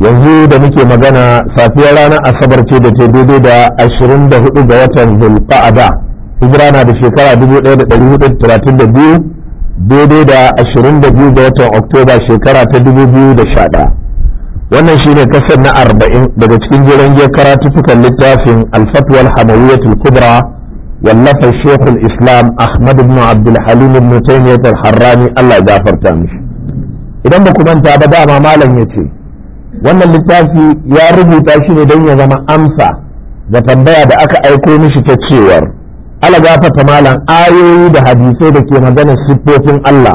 yanzu da muke magana safiyar ranar asabar ce da ta daidai da 24 ga watan zulfa'ada hijira na da shekara 1432 daidai da 22 ga watan oktoba shekara ta 2011 wannan shine kasar na 40 daga cikin jiran giyar karatuffukan littafin alfatwal hamawiyyatul kubra wallafa shekul islam ahmad ibn abdulhalim ibn taymiyyat al-harrani allah ya gafarta mishi idan ba ku manta ba dama malam ya ce wannan littafi ya rubuta shi ne don ya zama amsa ga tambaya da aka aiko mishi ta cewar alagafata malam ayoyi da hadisai da ke maganar siffofin Allah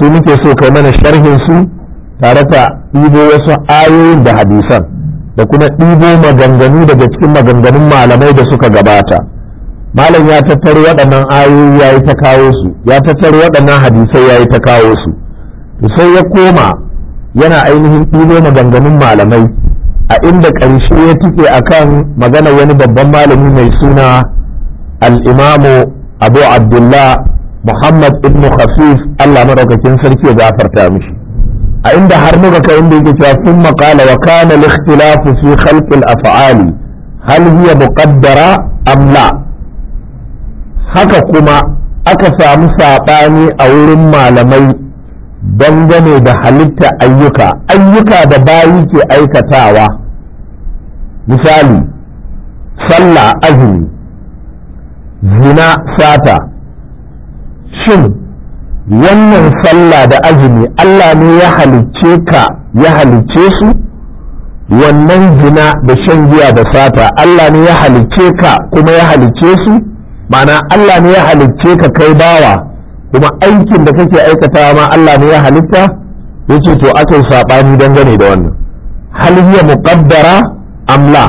su muke so kai mana sharhin su tare ta ɗibo wasu ayoyin da hadisan da kuma ɗibo maganganu daga cikin maganganun malamai da suka gabata malam ya tattaro waɗannan ayoyi ya yi ta kawo su ya tattaro waɗannan hadisai ya yi ta kawo su sai ya koma yana ainihin ɗibo maganganun malamai a inda ƙarshe ya tuke kan magana wani babban malami mai suna al'imamu abu abdullah muhammad ibn khafif allah maɗaukakin sarki ya gafarta mishi a inda har muka kai inda yake cewa sun maƙala wa kana likhtilafu fi khalqil af'ali hal hiya muqaddara am la haka kuma aka samu saɓani a wurin malamai dangane da halitta ayyuka ayyuka da bayi ke aikatawa misali sallah azumi zina sata shin wannan sallah da azumi Allah ne ya halicce ka ya halicce su wannan zina da shan giya da sata Allah ne ya halicce ka kuma ya halicce su ma'ana Allah ne ya halicce ka kai bawa kuma aikin da kake aikatawa ma Allah ne ya halitta yace to aka yi sabani dangane da wannan hal hiya muqaddara amla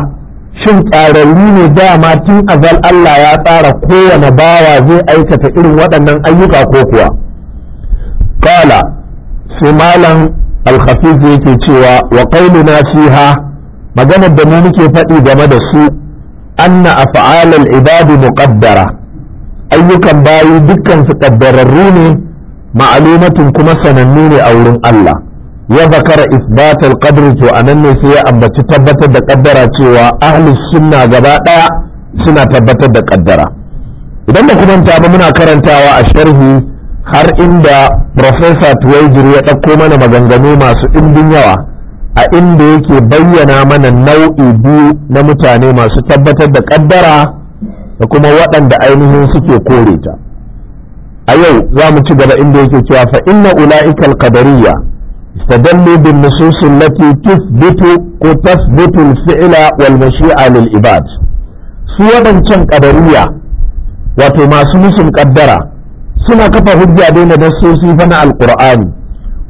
shin tsararru ne dama tun azal Allah ya tsara kowane bawa zai aikata irin waɗannan ayyuka ko kuwa qala sai malam al-hafiz yake cewa wa qauluna fiha maganar da mu muke faɗi game da su anna af'alul ibadi muqaddara ayyukan bayi dukkan su kaddararru ne ma'alumatun kuma sanannu ne a wurin Allah ya zakara isbatul qadr to anan ne sai ya ambaci tabbatar da kaddara cewa ahlus sunna gaba daya suna tabbatar da kaddara idan ba kuma ba muna karantawa a sharhi har inda professor Tuwaijir ya ɗauko mana maganganu masu indin yawa a inda yake bayyana mana nau'i biyu na mutane masu tabbatar da kaddara da kuma waɗanda ainihin suke kore ta a yau za mu ci gaba inda yake cewa fa inna ula'ika al-qadariyya istadallu bin nusus allati tuthbitu ko tathbitu al-fi'la wal mashi'a lil ibad su wadancan qadariyya wato masu musun kaddara suna kafa hujja da na nasosi fa na alqur'ani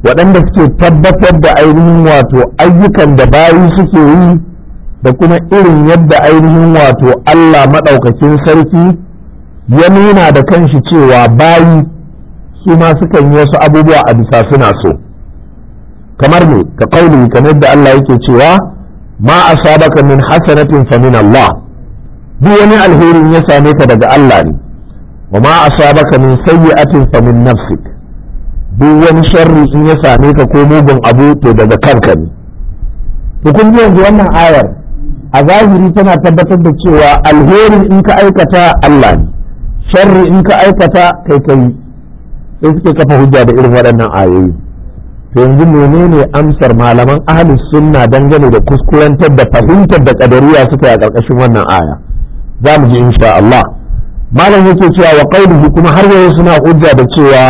waɗanda suke tabbatar da ainihin wato ayyukan da bayi suke yi da kuma irin yadda ainihin wato Allah maɗaukakin sarki ya nuna da kanshi cewa bayi su ma sukan yi wasu abubuwa a bisa suna so kamar ne ka kauli kamar yadda Allah yake cewa ma a asabaka min hasanatin fa min Allah duk wani alherin ya same ka daga Allah ne wa ma a asabaka min sayyi'atin fa min nafsik duk wani sharri in ya same ka ko mugun abu to daga kanka ne to wannan ayar a zahiri tana tabbatar da cewa alherin in ka aikata Allah ne sharri in ka aikata kai kai sai suke kafa hujja da irin waɗannan ayoyi to yanzu menene amsar malaman ahli sunna dangane da kuskurantar da fahimtar da kadariya suka yi a ƙarƙashin wannan aya za mu ji insha Allah malam yake cewa wa qauluhu kuma har yanzu suna hujja da cewa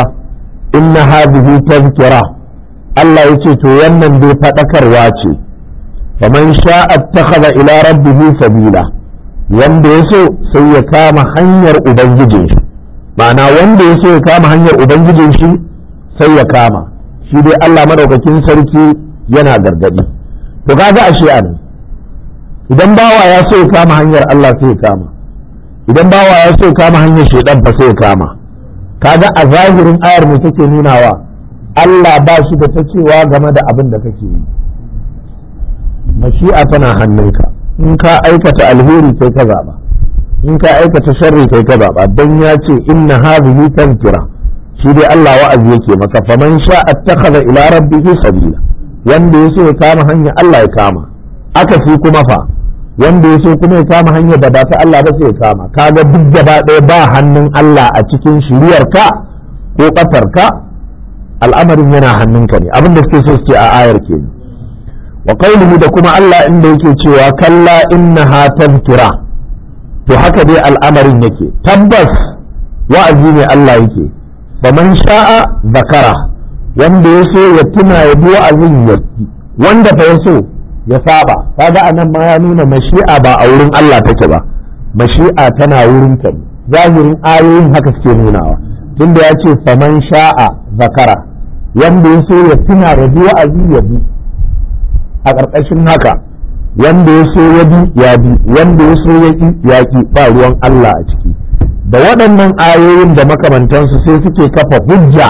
inna hadhihi tazkira Allah yake to wannan dai fadakarwa ce wa man sha'a ittakhadha ila rabbihi sabila wanda ya so sai ya kama hanyar ubangijin shi ma'ana wanda ya so ya kama hanyar ubangijin shi sai ya kama shi dai Allah madaukakin sarki yana gargadi to kaga ashe anan idan bawa ya so ya kama hanyar Allah sai ya kama idan bawa ya so ya kama hanyar shedan fa sai ya kama kaga a zahirin ayar mu take nunawa Allah ba shi da ta game da abin da kake yi mashi'a tana hannunka in ka aikata alheri kai ka zaba in ka aikata sharri kai ka zaba dan ya ce inna hadhihi tantira shi dai Allah wa'azi yake maka faman sha attakhadha ila rabbihi sabila wanda ya so ya kama hanya Allah ya kama aka fi kuma fa wanda ya so kuma ya kama hanya da ba ta Allah ba sai ya kama kaga duk gaba ɗaya ba hannun Allah a cikin shiriyar ko ƙasarka al'amarin yana hannunka ne abin da suke so suke a ayar kenan wa qauluhu da kuma Allah inda yake cewa kalla innaha tadhkira to haka dai al'amarin yake tabbas wa'azi ne Allah yake man sha'a zakara wanda ya so ya tuna ya bi wa'azin ya wanda fa ya so ya saba kaga anan ma ya nuna mashi'a ba a wurin Allah take ba mashi'a tana wurin ta zahirin ayoyin haka suke nunawa tunda ya ce faman sha'a zakara wanda ya so ya tuna ya bi wa'azi ya bi a ƙarƙashin haka wanda ya so ya bi ya bi wanda ya so ya ƙi ya ƙi ba ruwan Allah a ciki da waɗannan ayoyin da makamantansu sai suke kafa hujja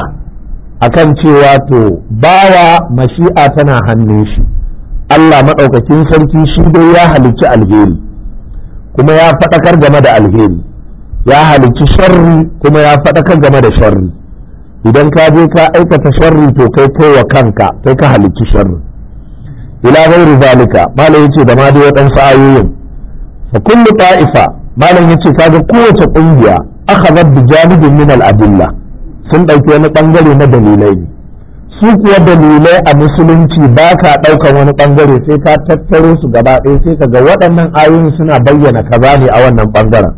akan cewa to bawa mashi'a tana hannun shi Allah maɗaukakin sarki shi dai ya halicci alheri kuma ya faɗakar game da alheri ya halicci sharri kuma ya faɗakar game da sharri idan ka je ka aikata sharri to kai kowa kanka kai ka halicci sharri ila gairu zalika malam yace da ma dai waɗansu ayoyin fa kullu ta'ifa malam yace kaga kowace kungiya akhadhat bi janibin min al-adilla sun dauki wani bangare na dalilai su kuwa dalilai a musulunci ba ka ɗaukan wani bangare sai ka tattaro su gaba ɗaya sai ka ga waɗannan ayoyin suna bayyana kaza ne a wannan bangaren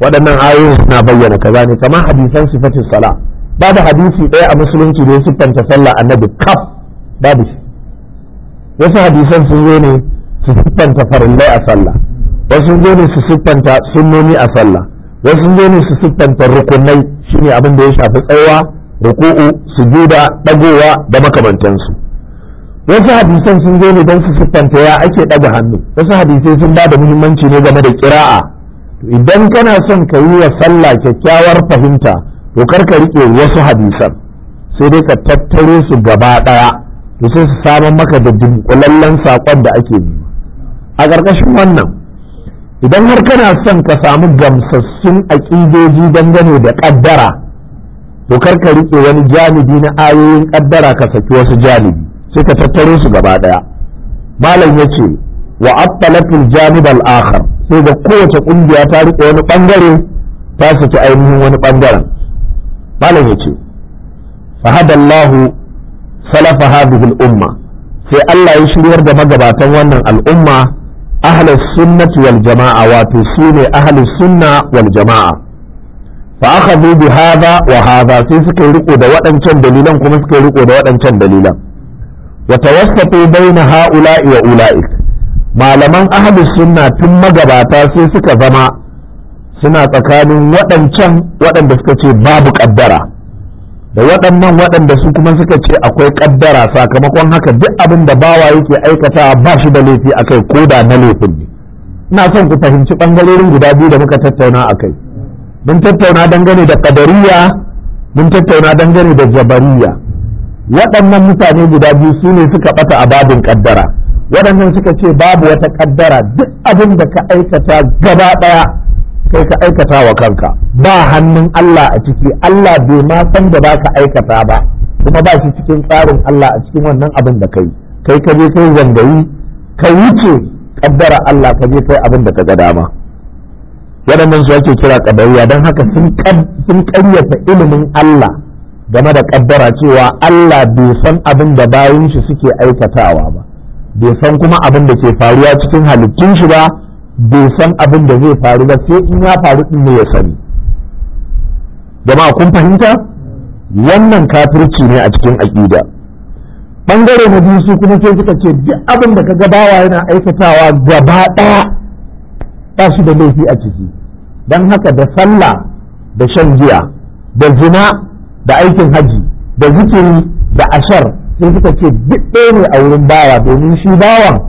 waɗannan ayoyin suna bayyana kaza ne kamar hadisan sifatin sala da hadisi ɗaya a musulunci da ya siffanta sallah annabi kaf babu shi wasu hadisan sun zo ne su siffanta farillai a sallah wasu sun zo ne su siffanta sunnoni a sallah wasu zo ne su siffanta rukunai shine abin da ya shafi tsawa ruku'u sujuda dagowa da makamantansu wasu hadisan sun zo ne don su siffanta ya ake daga hannu wasu hadisai sun ba da muhimmanci ne game da kira'a idan kana son ka yi wa sallah kyakkyawar fahimta to kar ka rike wasu hadisan sai dai ka tattare su gaba ɗaya da sai su samun maka da dunkulallen saƙon da ake yi a ƙarƙashin wannan idan har kana son ka samu gamsassun aƙidoji dangane da ƙaddara to kar ka riƙe wani janibi na ayoyin ƙaddara ka saki wasu janibi sai ka tattaro su gaba ɗaya malam ya ce wa attalatul janib al-akhar sai ga kowace ƙungiya ta riƙe wani ɓangare ta saki ainihin wani ɓangaren malam ya ce fa salafa hadhihi al-umma sai Allah ya shiryar da magabatan wannan al'umma ahlus sunnati wal jama'a wato sune ahlus sunna wal jama'a fa akhadhu bi hadha wa hadha sai suka riko da waɗancan dalilan kuma suka riko da waɗancan dalilan wa tawassatu baina ha'ula'i wa ula'ik malaman ahlus sunna tun magabata sai suka zama suna tsakanin waɗancan waɗanda suka ce babu kaddara da waɗannan waɗanda su kuma suka ce akwai ƙaddara sakamakon haka duk abin da bawa yake aikata ba shi da laifi a kai ko da na laifin ne ina son ku fahimci ɓangarorin guda biyu da muka tattauna a kai mun tattauna dangane da ƙadariya mun tattauna dangane da jabariya waɗannan mutane guda biyu su ne suka ɓata a babin ƙaddara waɗannan suka ce babu wata ƙaddara duk abin da ka aikata gaba ɗaya sai ka aikata wa kanka ba hannun Allah a ciki Allah bai ma san da ba ka aikata ba kuma ba shi cikin tsarin Allah a cikin wannan abin da kai kai ka je kai zangayi ka wuce kaddara Allah ka je kai abin da ka ga dama waɗannan su ake kira kadariya don haka sun ƙaryata ilimin Allah game da kaddara cewa Allah bai san abin da bayan shi suke aikatawa ba bai san kuma abin da ke faruwa cikin halittun shi ba bai san abin da zai faru ba sai in ya faru din ne ya sani jama'a kun fahimta wannan kafirci ne a cikin aƙida bangare na biyu su kuma sai suka ce duk abin da ka gabawa yana aikatawa gaba ɗaya ba shi da laifi a ciki don haka da sallah da shan giya da zina da aikin haji da zikiri da ashar sai suka ce duk ɗaya ne a wurin bawa domin shi bawan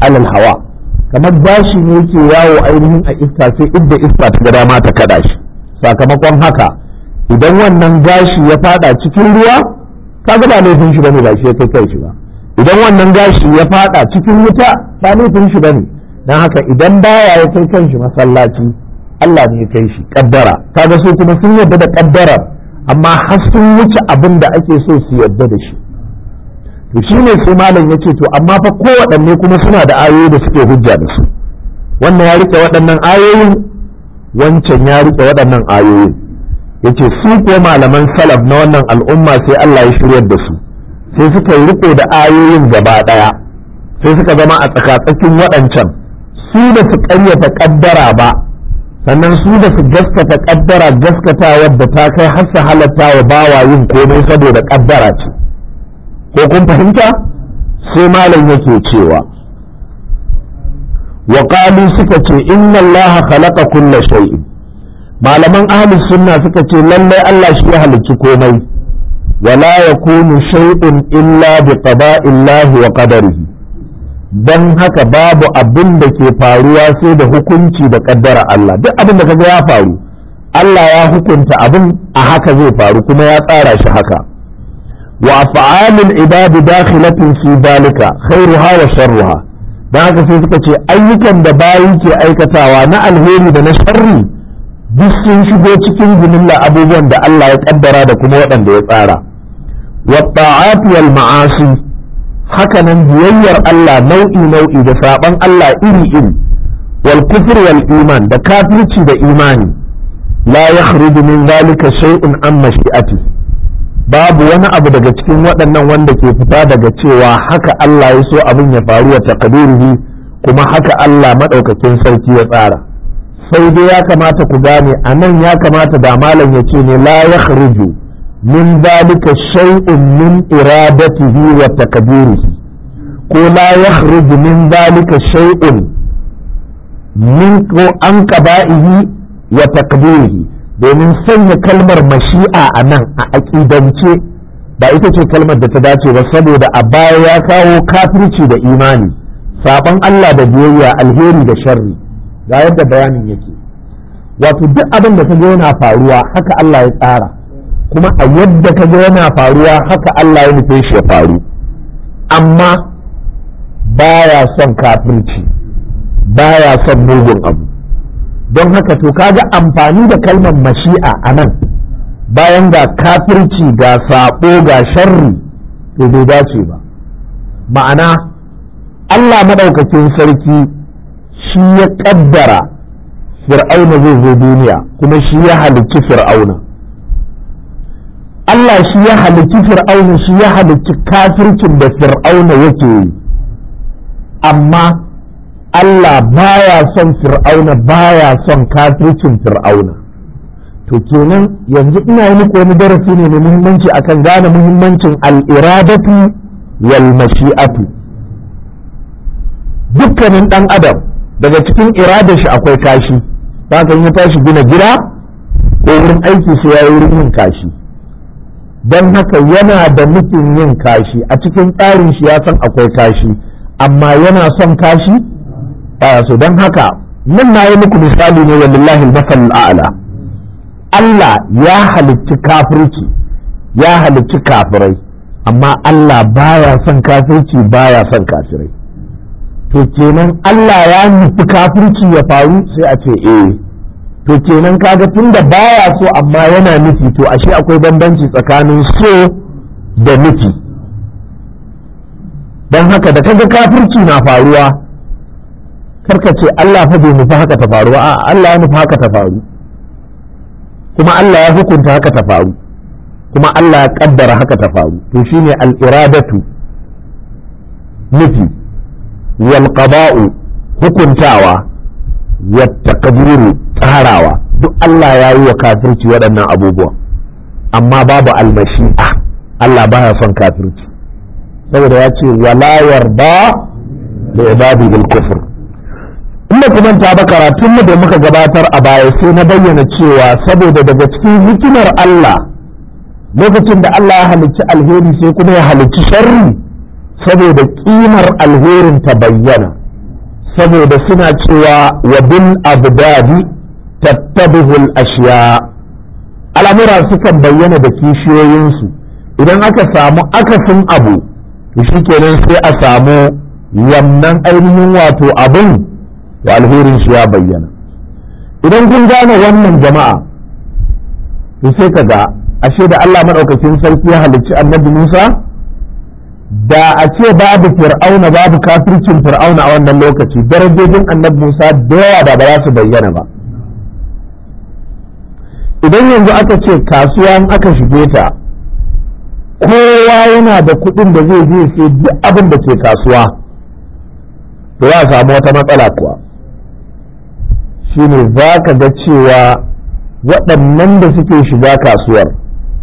alal hawa kamar gashi ne yake yawo ainihin a iska sai idda iska ta gada dama ta kada shi sakamakon haka idan wannan gashi ya fada cikin ruwa ka ga ba laifin shi bane ba shi ya kai kai shi ba idan wannan gashi ya fada cikin wuta ba laifin shi bane dan haka idan baya ya kai kan shi masallaci Allah ne ya kai shi kaddara kaga su kuma sun yarda da kaddara amma har sun wuce abin da ake so su yarda da shi to shi ne sai malam ya ce to amma fa kowaɗanne kuma suna da ayoyi da suke hujja da su wannan ya rike waɗannan ayoyin wancan ya rike waɗannan ayoyin ya ce su ko malaman salaf na wannan al'umma sai Allah ya shiryar da su sai suka yi riƙo da ayoyin gaba ɗaya sai suka zama a tsakatsakin waɗancan su da su ƙaryata ƙaddara ba sannan su da su gaskata ƙaddara gaskatawar da ta kai har su halatta wa bawa yin komai saboda ƙaddara ce ko kun fahimta sai malam yake cewa wa suka ce inna allaha khalaqa kulla shay'in malaman ahli sunna suka ce lallai Allah shi ya halicci komai wala yakunu shay'un illa bi qada'illahi wa qadarihi dan haka babu abin da ke faruwa sai da hukunci da kaddara Allah duk abin da kaga ya faru Allah ya hukunta abin a haka zai faru kuma ya tsara shi haka وأفعال العباد داخلة في ذلك خيرها وشرها da haka sai suka ce ayyukan da bayi ke aikatawa na alheri da na sharri duk sun shigo cikin jimilla abubuwan da Allah ya kaddara da kuma waɗanda ya tsara wa ta'at wal ma'asi hakanan biyayyar Allah nau'i nau'i da saban Allah iri iri wal kufr wal iman da kafirci da imani la yakhruju min zalika shay'un amma shi'ati babu wani abu daga cikin waɗannan wanda ke fita daga cewa haka Allah ya so abin ya faru wa taqdiruhu kuma haka Allah madaukakin sarki ya tsara sai dai ya kamata ku gane anan ya kamata da malam ya ce ne la yakhruju min dalika shay'un min iradatihi wa taqdiruhu ko la yakhruju min dalika shay'un min ko an qaba'ihi wa taqdiruhu domin sanya kalmar mashi'a a nan a aƙidance ba ita ce kalmar da ta dace ba saboda a baya ya kawo kafirci da imani sabon Allah da biyayya alheri da sharri ga yadda bayanin yake wato duk abin da kaga yana faruwa haka Allah ya tsara kuma a yadda kaga yana faruwa haka Allah ya nufe shi ya faru amma baya son kafirci baya son mugun abu don haka to kaga amfani da kalmar mashi'a a nan bayan ga kafirci ga saɓo ga sharri to bai dace ba ma'ana Allah maɗaukakin sarki shi ya ƙaddara fir'auna zai zo duniya kuma shi ya halicci fir'auna Allah shi ya halicci fir'auna shi ya halicci kafircin da fir'auna yake yi amma Allah baya son fir'auna baya son kafircin fir'auna to kenan yanzu ina yi muku wani darasi ne mai muhimmanci akan gane muhimmancin al'iradatu wal mashi'atu dukkanin dan adam daga cikin iradar shi akwai kashi ka ya tashi gina gida ko wurin aiki sai ya yi wurin yin kashi don haka yana da nufin yin kashi a cikin tsarin shi ya san akwai kashi amma yana son kashi so don haka nan na yi muku misali ne wallahi al-basal a'la Allah ya halicci kafirci ya halicci kafirai amma Allah baya son kafirci baya son kafirai to kenan Allah ya nufi kafirci ya faru sai a ce eh to kenan kaga tunda baya so amma yana nufi to ashe akwai bambanci tsakanin so da nufi don haka da kaga kafirci na faruwa karka ce Allah fa bai nufi haka ta faru a Allah ya nufi haka ta faru kuma Allah ya hukunta haka ta faru kuma Allah ya kaddara haka ta faru to shine al-iradatu nufi wal qada'u hukuntawa wa takdiru tsarawa duk Allah ya yi wa kafirci waɗannan abubuwa amma babu almashi'a Allah baya son kafirci saboda ya ce wala yarda da ibadi bil kufr in ba manta ba karatun mu da muka gabatar a baya sai na bayyana cewa saboda daga cikin hikimar Allah lokacin da Allah ya halicci alheri sai kuma ya halicci sharri saboda kimar alherin ta bayyana saboda suna cewa wa bil abdadi tattabihu al ashiya al'amura sukan bayyana da kishiyoyinsu idan aka samu akasin abu to kenan sai a samu wannan ainihin wato abin da alherin shi ya bayyana idan kun gane wannan jama'a to sai ka ga ashe da Allah madaukakin sarki ya halicci annabi Musa da a ce babu fir'auna babu kafircin fir'auna a wannan lokaci darajojin annabi Musa da yawa da ba za su bayyana ba idan yanzu aka ce kasuwa aka shige ta kowa yana da kuɗin da zai je sai duk abin da ke kasuwa to ya samu wata matsala kuwa shine za ka ga cewa waɗannan da suke shiga kasuwar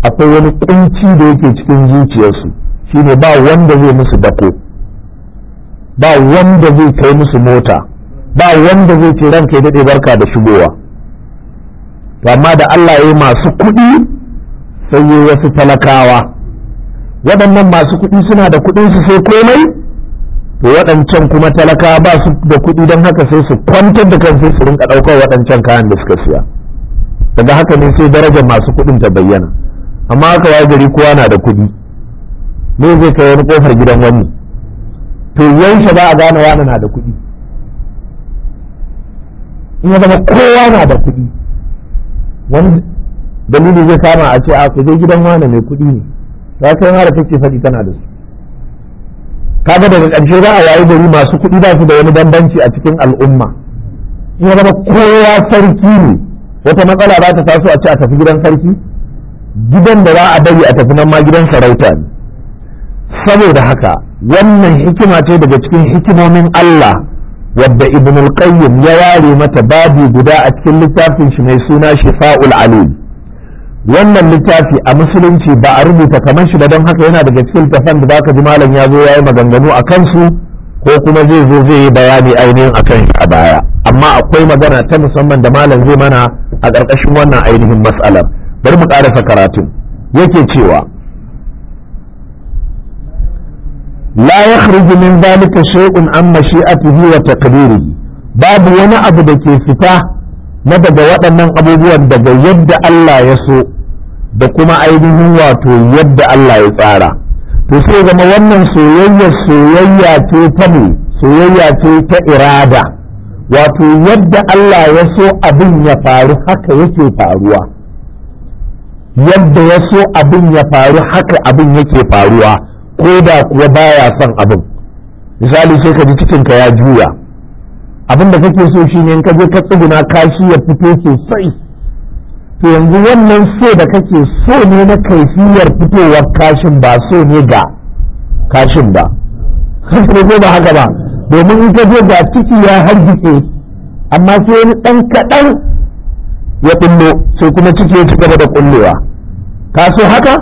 akwai wani ƙunci da yake cikin zuciyarsu shine ba wanda zai musu dako ba wanda zai kai musu mota ba wanda zai ce ranka ya daɗe barka da shigowa to amma da Allah ya yi masu kuɗi sai yi wasu talakawa waɗannan masu kuɗi suna da kuɗinsu sai komai to waɗancan kuma talaka ba su da kuɗi don haka sai su kwantar da kansu su rinka ɗaukar waɗancan kayan da suka siya daga haka ne sai darajar masu kuɗin ta bayyana amma haka wa gari kowa na da kuɗi me zai kai wani kofar gidan wani to yaushe ba a gane wani na da kuɗi in ya zama kowa na da kuɗi wani dalili zai kama a ce a ku je gidan wani mai kuɗi ne ta kai mara take faɗi tana da su kaga daga ƙarshe za a yayi gari masu kuɗi ba su da wani bambanci a cikin al'umma ya zama kowa sarki ne wata matsala za ta taso a ci a tafi gidan sarki gidan da za a bari a tafi nan ma gidan sarauta ne saboda haka wannan hikima ce daga cikin hikimomin Allah wadda ibn al-qayyim ya ware mata babu guda a cikin littafin shi mai suna shifa'ul alim wannan littafi a musulunci ba a rubuta kamar shi ba don haka yana daga cikin littafan da zaka ji malam ya zo ya yi maganganu a kansu ko kuma zai zo zai yi bayani ainihin a kan a baya amma akwai magana ta musamman da malam zai mana a ƙarƙashin wannan ainihin matsalar bari mu ƙarasa karatu yake cewa la yakhruju min dhalika shay'un an mashi'atihi wa taqdirihi babu wani abu da ke fita na daga waɗannan abubuwan daga yadda Allah ya so da kuma ainihin wato yadda Allah ya tsara to sai zama wannan soyayya soyayya ce ta ne soyayya ce ta irada wato yadda Allah ya so abin ya faru haka yake faruwa yadda ya so abin ya faru haka abin yake faruwa ko da kuwa baya son abin misali sai ka ji cikinka ya juya abin da kake so shine in ka je ka tsuguna kashi ya fito sosai to yanzu wannan so da kake so ne na kaifiyar fitowar kashin ba so ne ga kashin ba zo ba haka ba domin in ka je ga ciki ya hargitse amma sai wani ɗan kaɗan ya ɓullo sai kuma ciki ya ci gaba da kullewa ka so haka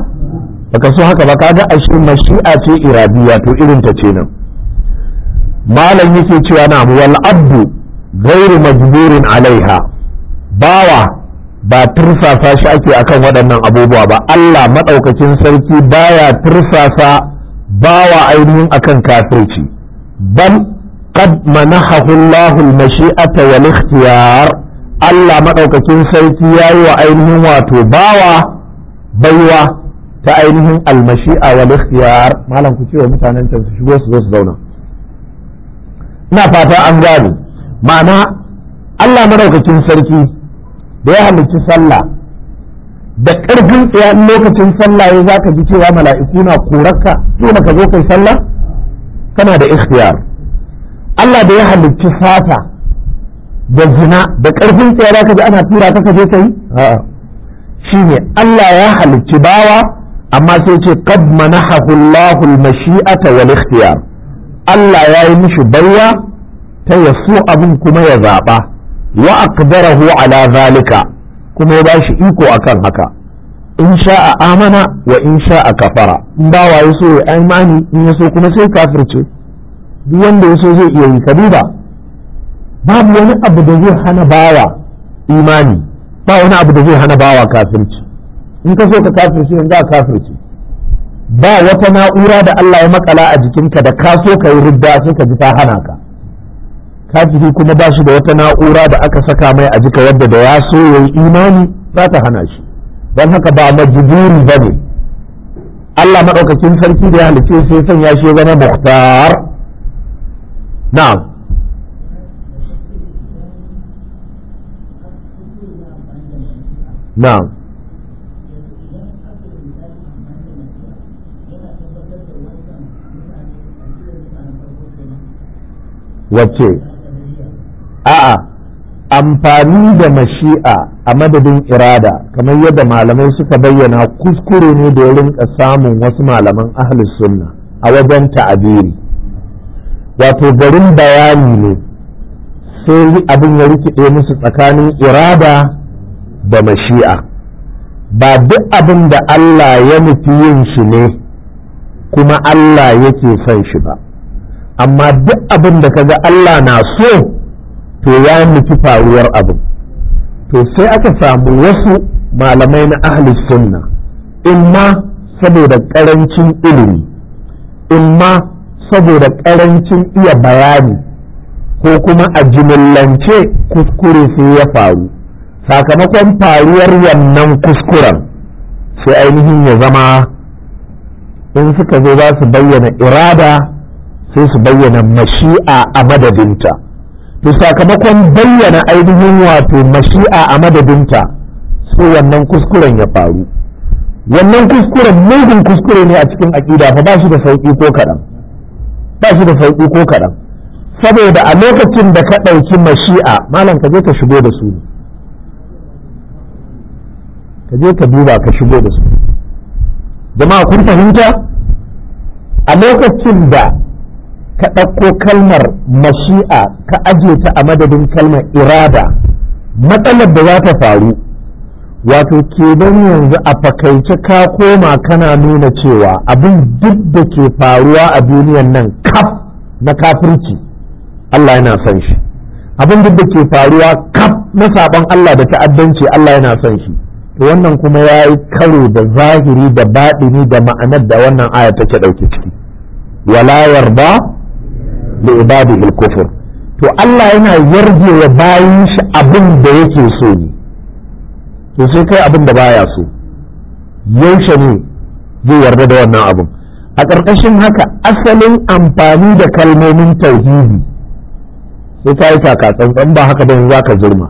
baka so haka ba ka ga shi mashi'a ce iradiya to irin ta ce nan malam yake cewa na wal abdu gairu majburin alaiha bawa ba tursasa shi ake akan waɗannan abubuwa ba Allah maɗaukakin sarki baya tursasa bawa ainihin akan kafirci bal qad manahahu Allahu al-mashi'ata wal ikhtiyar Allah maɗaukakin sarki yayi wa ainihin wato bawa baiwa ta ainihin almashi'a wal ikhtiyar malam ku ce wa mutanen can su shigo su zo su zauna ina fata an gane ma'ana Allah madaukakin sarki da ya halicci sallah da ƙarfin tsaya lokacin sallah ya za ka ji cewa mala'iku na korarka dole ka zo kai sallah kana da ikhtiyar Allah da ya halicci fata da zina da ƙarfin tsaya za ka ji ana tura ka je kai shi ne Allah ya halicci bawa amma sai ce qad manahahu Allahu al-mashi'ata wal ikhtiyar Allah ya yi mishi baiwa ta yaso abin kuma ya zaɓa. wa akbarahu ala zalika kuma ya bashi iko akan haka in sha'a amana wa in sha'a kafara in ba wa yaso ya imani in yaso kuma sai kafirce duk wanda yaso zai iya yi kaduba babu wani abu da zai hana bawa imani ba wani abu da zai hana bawa kafirci in ka so ka kafirce in za kafirce ba wata na'ura da Allah ya makala a jikinka da ka so ka yi ridda sai ka ji ta hana ka kafiri kuma ba shi da wata na'ura da aka saka mai a jika wadda da ya so ya yi imani za ta hana shi don haka ba majiburi ba ne Allah maɗaukakin sarki da ya halicce sai son ya shi zama muhtar na'am na'am wacce a'a amfani da mashi'a a madadin irada kamar yadda malamai suka bayyana kuskure ne da rinka samun wasu malaman ahlus sunna a wajen ta'abiri wato garin bayani ne sai abin ya rikide musu tsakanin irada da mashi'a ba duk abin da Allah ya nufi yin shi ne kuma Allah yake son shi ba amma duk abin da kaga Allah na so to ya nufi faruwar abin to sai aka samu wasu malamai na ahlus sunna imma saboda karancin ilimi imma saboda karancin iya bayani ko kuma a jimillance kuskure sai ya faru sakamakon faruwar wannan kuskuren sai ainihin ya zama in suka zo za su bayyana irada sai su bayyana mashi'a a madadinta to sakamakon bayyana ainihin wato mashi'a a madadinta sai wannan kuskuren ya faru wannan kuskuren mugun kuskure ne a cikin aƙida fa ba shi da sauƙi ko kaɗan ba shi da sauƙi ko kaɗan saboda a lokacin da ka ɗauki mashi'a malam ka je ka shigo da su ka je ka duba ka shigo da su jama'a kun fahimta a lokacin da ka ɗauko kalmar mashi'a ka ajiye ta a madadin kalmar irada matsalar da za ta faru wato kenan yanzu a fakaice ka koma kana nuna cewa abin duk da ke faruwa a duniyan nan kaf na kafirci Allah yana son shi abin duk da ke faruwa kaf na saban Allah da ta'addanci Allah yana son shi wannan kuma ya yi karo da zahiri da baɗini da ma'anar da wannan aya take ɗauke ciki wala yarda da ibadi bil kufur to Allah yana yarje ya bayin shi abin da yake so yi to sai kai abin da baya so yaushe ne zai yarda da wannan abin a ƙarƙashin haka asalin amfani da kalmomin tauhidi sai ta yi tsantsan ba haka don za ka zurma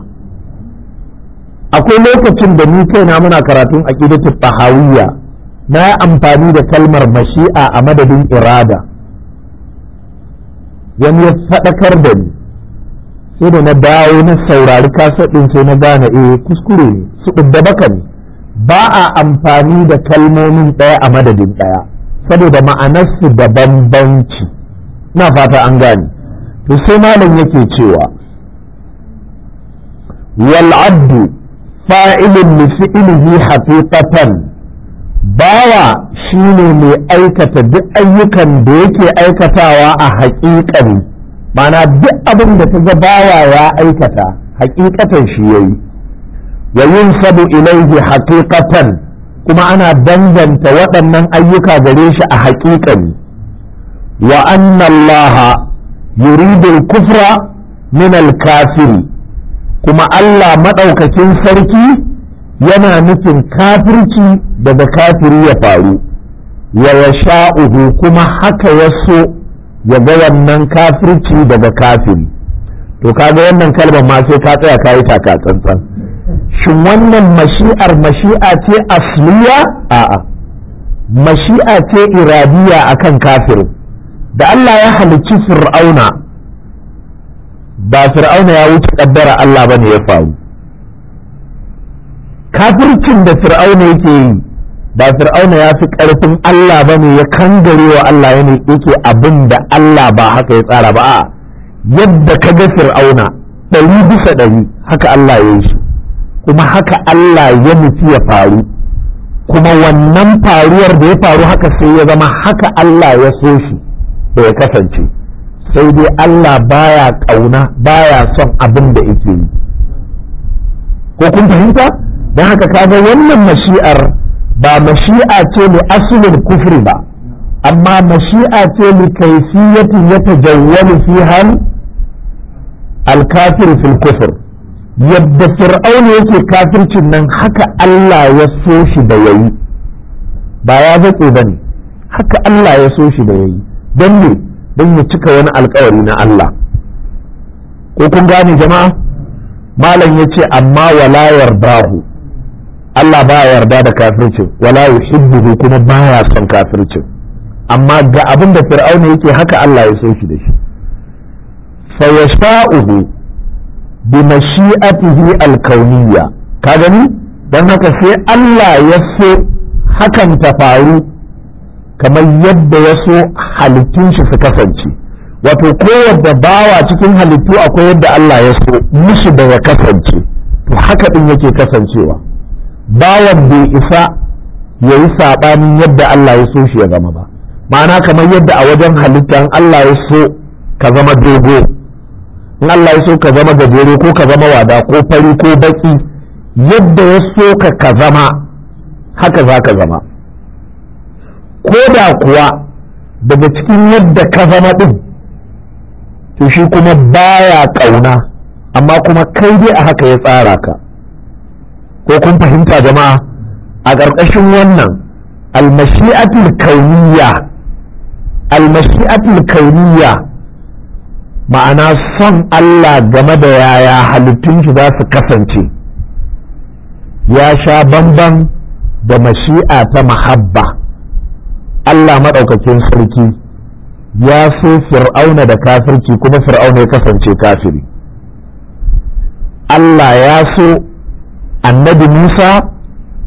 akwai lokacin da ni kai na muna karatun aqidatul tahawiyya na yi amfani da kalmar mashi'a a madadin irada wani ya faɗakar da ni sai da na dawo na saurari kasaɗin sai na gane eh kuskure ne su ɗubba baka ne ba a amfani da kalmomin ɗaya a madadin ɗaya saboda ma'anarsu da banbanci na fata an gane to sai malam yake cewa wal abdu fa'ilun li fi'lihi haqiqatan bawa shi ne mai aikata duk ayyukan da yake aikatawa a haƙiƙan mana duk abin da ta gabawa ya aikata haƙiƙatan shi ya yi yayin yin sabu ilaihi haƙiƙatan kuma ana danganta waɗannan ayyuka gare shi a haƙiƙan wa annallaha yuridul kufra min alkafiri kuma Allah maɗaukakin sarki yana nufin kafirci daga kafiri ya faru wa uhu kuma haka ya so ya ga wannan kafirci daga kafiri to kaga wannan kalmar ma sai ka tsaya ka yi taka tsantsan shin wannan mashi'ar mashi'a ce asliya a'a mashi'a ce iradiya akan kafirin da Allah ya halicci fir'auna ba fir'auna ya wuce kaddara Allah bane ya faru kafircin da fir'auna yake yi ba fir'auna ya fi ƙarfin Allah ba ne ya kangare wa Allah ya yake abin da Allah ba haka ya tsara ba a yadda ka ga fir'auna ɗari bisa ɗari haka Allah ya yi shi kuma haka Allah ya nufi ya faru kuma wannan faruwar da ya faru haka sai ya zama haka Allah ya so shi da ya kasance sai dai Allah baya ƙauna baya son abin da yake yi ko kun fahimta don haka kaga wannan mashi'ar ba mashi'a ce ne asulin kufri ba amma mashi'a ce ne kaifiyatin ya tajawwalu fi hal alkafir fil kufr yadda fir'auna yake kafircin nan haka Allah ya so shi da yayi ba ya zaƙe bane haka Allah ya so shi da yayi don ne don ya cika wani alkawari na Allah ko kun gane jama'a malam yace amma wala yardahu Allah ba yarda da kafircin wala yuhibbuhu kuma baya son kafircin amma ga abin da fir'auna yake haka Allah ya so shi da shi fa yasha'uhu bi mashi'atihi al-kauniyya ka gani dan haka sai Allah ya so hakan ta faru kamar yadda ya so halittun shi su kasance wato kowadda bawa cikin halittu akwai yadda Allah ya so musu da ya kasance to haka din yake kasancewa bawan bai isa ya yi saɓanin yadda Allah ya so shi ya zama ba ma'ana kamar yadda a wajen halittar Allah ya so ka zama dogo in Allah ya so ka zama gajere ko ka zama wada ko fari ko baki yadda ya so ka ka zama haka za ka zama ko da kuwa daga cikin yadda ka zama ɗin to shi kuma baya ƙauna amma kuma kai dai a haka ya tsara ka ko kun fahimta jama'a a ƙarƙashin wannan almashi'atul kauniya almashi'atul kauniya ma'ana son Allah game da yaya halittun shi za su kasance ya sha bamban da mashi'a ta mahabba Allah maɗaukakin sarki ya so fir'auna da kafirci kuma fir'auna ya kasance kafiri Allah ya so annabi Musa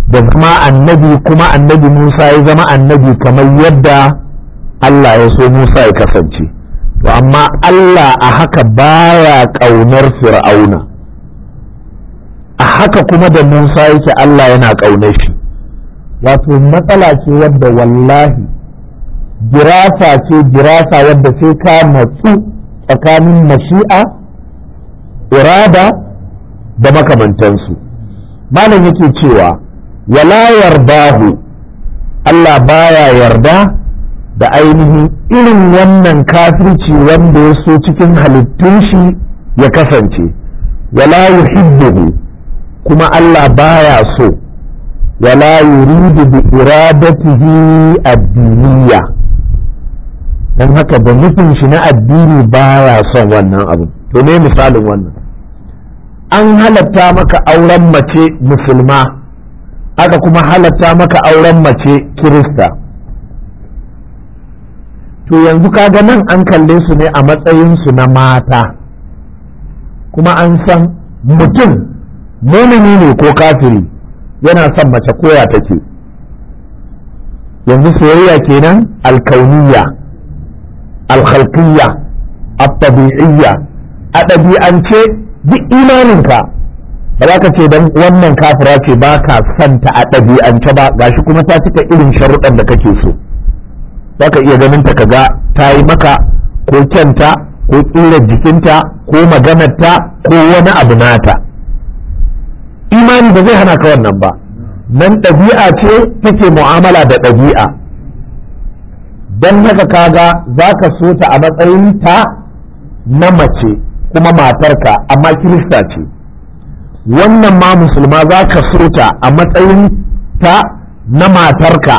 da zama annabi kuma annabi Musa ya zama annabi kamar yadda Allah ya so Musa ya kasance to amma Allah a haka baya ƙaunar fir'auna a haka kuma da Musa yake Allah yana ƙaunar shi wato matsala ce wadda wallahi girasa ce girasa wadda sai ka matsu tsakanin mashi'a irada da makamantansu malam yake cewa wala yardahu Allah baya yarda da ainihin irin wannan kafirci wanda ya so cikin halittun shi ya kasance wala yuhibbuhu kuma Allah baya so wala yuridu bi iradatihi addiniya dan haka da nufin shi na addini baya son wannan abu to ne misalin wannan an halatta maka auren mace musulma aka kuma halatta maka auren mace kirista to yanzu kaga nan an kalle su ne a matsayinsu na mata kuma an san mutum mumini ne ko kafiri yana son mace koya take yanzu soyayya kenan alkauniya alkhalqiyya at a ɗabi'ance duk imaninka ba za ka ce don wannan kafira ce ba ka santa a ɗabi'ance ba Ga shi kuma ta cika irin sharuɗan da kake so za ka iya ganin ta kaga ta yi maka ko kyanta ko ƙirar jikinta ko maganarta ko wani abu nata imani ba zai hana ka wannan ba nan ɗabi'a ce take mu'amala da ɗabi'a don haka kaga za ka so ta a matsayin ta na mace kuma matarka amma kirista ce wannan ma musulma za ka so ta a matsayin ta na matarka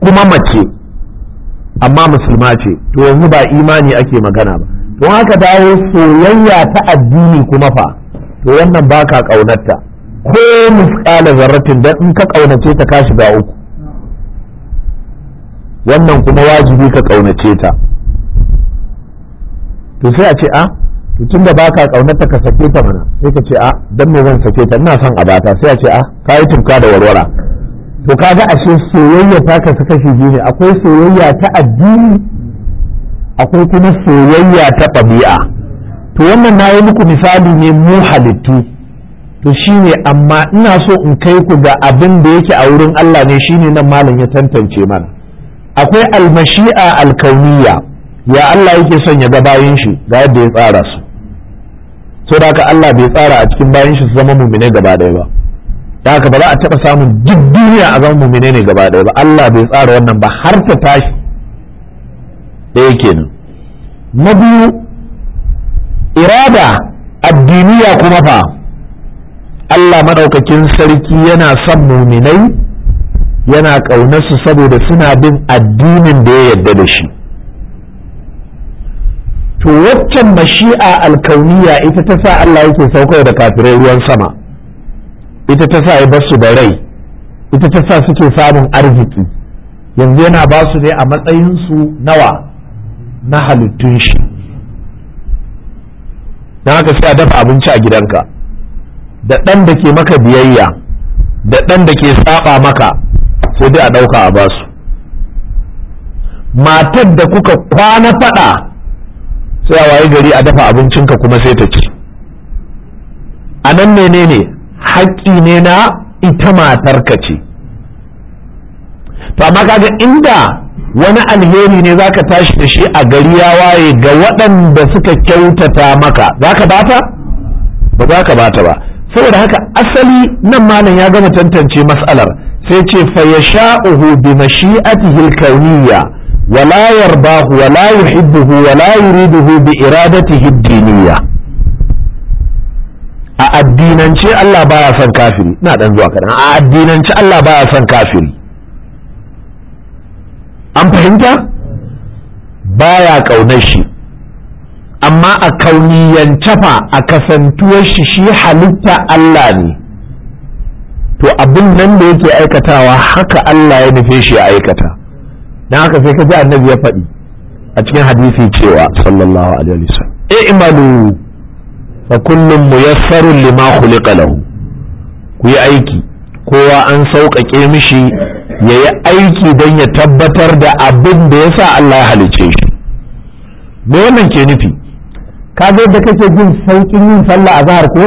kuma mace amma musulma ce to yanzu ba imani ake magana ba to haka dawo soyayya ta addini kuma fa to wannan ba ka ƙaunarta ko misƙala zarratin da in ka ƙaunace ta ka shiga uku wannan kuma wajibi ka ƙaunace ta to sai a ce a ah, to tunda kaunar kaunarta ka sake ta mana sai ka ce a ah, dan me zan sake ta ina son a bata sai a ce a ah, ka yi tunka da warwara to ka ga ashe soyayya ta ka kashi biyu ne akwai soyayya ta addini akwai kuma soyayya ta ɗabi'a to wannan na yi muku misali ne mu halittu to shine amma ina so in kai ku ga abin da yake a wurin Allah ne shine nan malam ya tantance mana akwai almashi'a alkauniya ya Allah yake son ya ga bayin shi ga yadda ya tsara su so da Allah bai tsara a cikin bayin shi su zama mumine gaba ɗaya ba da haka ba za a taɓa samun duk duniya a zama mumine ne gaba ɗaya ba Allah bai tsara wannan ba har ta tashi ɗaya kenan na biyu irada addiniya kuma fa Allah madaukakin sarki yana son muminai yana ƙaunarsu saboda suna bin addinin da ya yarda da shi to waccan mashi'a alkauniya ita ta sa Allah yake saukar da kafirai ruwan sama ita ta sa ya bar su da rai ita ta sa suke samun arziki yanzu yana ba su ne a matsayinsu nawa na halittun shi Na haka sai a dafa abinci a gidanka da ɗan da ke maka biyayya da ɗan da ke saba maka sai dai a ɗauka a basu matar da kuka kwana faɗa sai a waye gari a dafa abincinka kuma sai ta ci a nan menene haƙƙi ne na ita matarka ce to amma kaga inda wani alheri ne zaka tashi da shi a gari ya waye ga waɗanda suka kyautata maka ka bata ba za ka bata ba saboda haka asali nan malam ya gama tantance matsalar sai ce fa yasha'uhu bi mashi'atihi al Walawar yarbahu wala yuhibbuhu wala yuriduhu bi iradatihi ad-diniyya a addinance Allah baya son kafiri ina dan zuwa kadan a addinance Allah baya son kafiri an fahimta baya ƙaunar shi amma a kauniyance fa a kasantuwar shi shi halitta Allah ne to abin nan da yake aikatawa haka Allah ya nufe shi ya aikata dan haka sai ka ji annabi ya faɗi a cikin hadisi cewa sallallahu alaihi wasallam eh, i'malu fa kullum muyassarun lima khuliqa lahu ku yi aiki kowa an sauƙaƙe mishi ya yi aiki don ya tabbatar da abin da ya sa Allah ya halice shi me wannan ke nufi ka ga da kake jin sauƙin yin sallah a zahar ko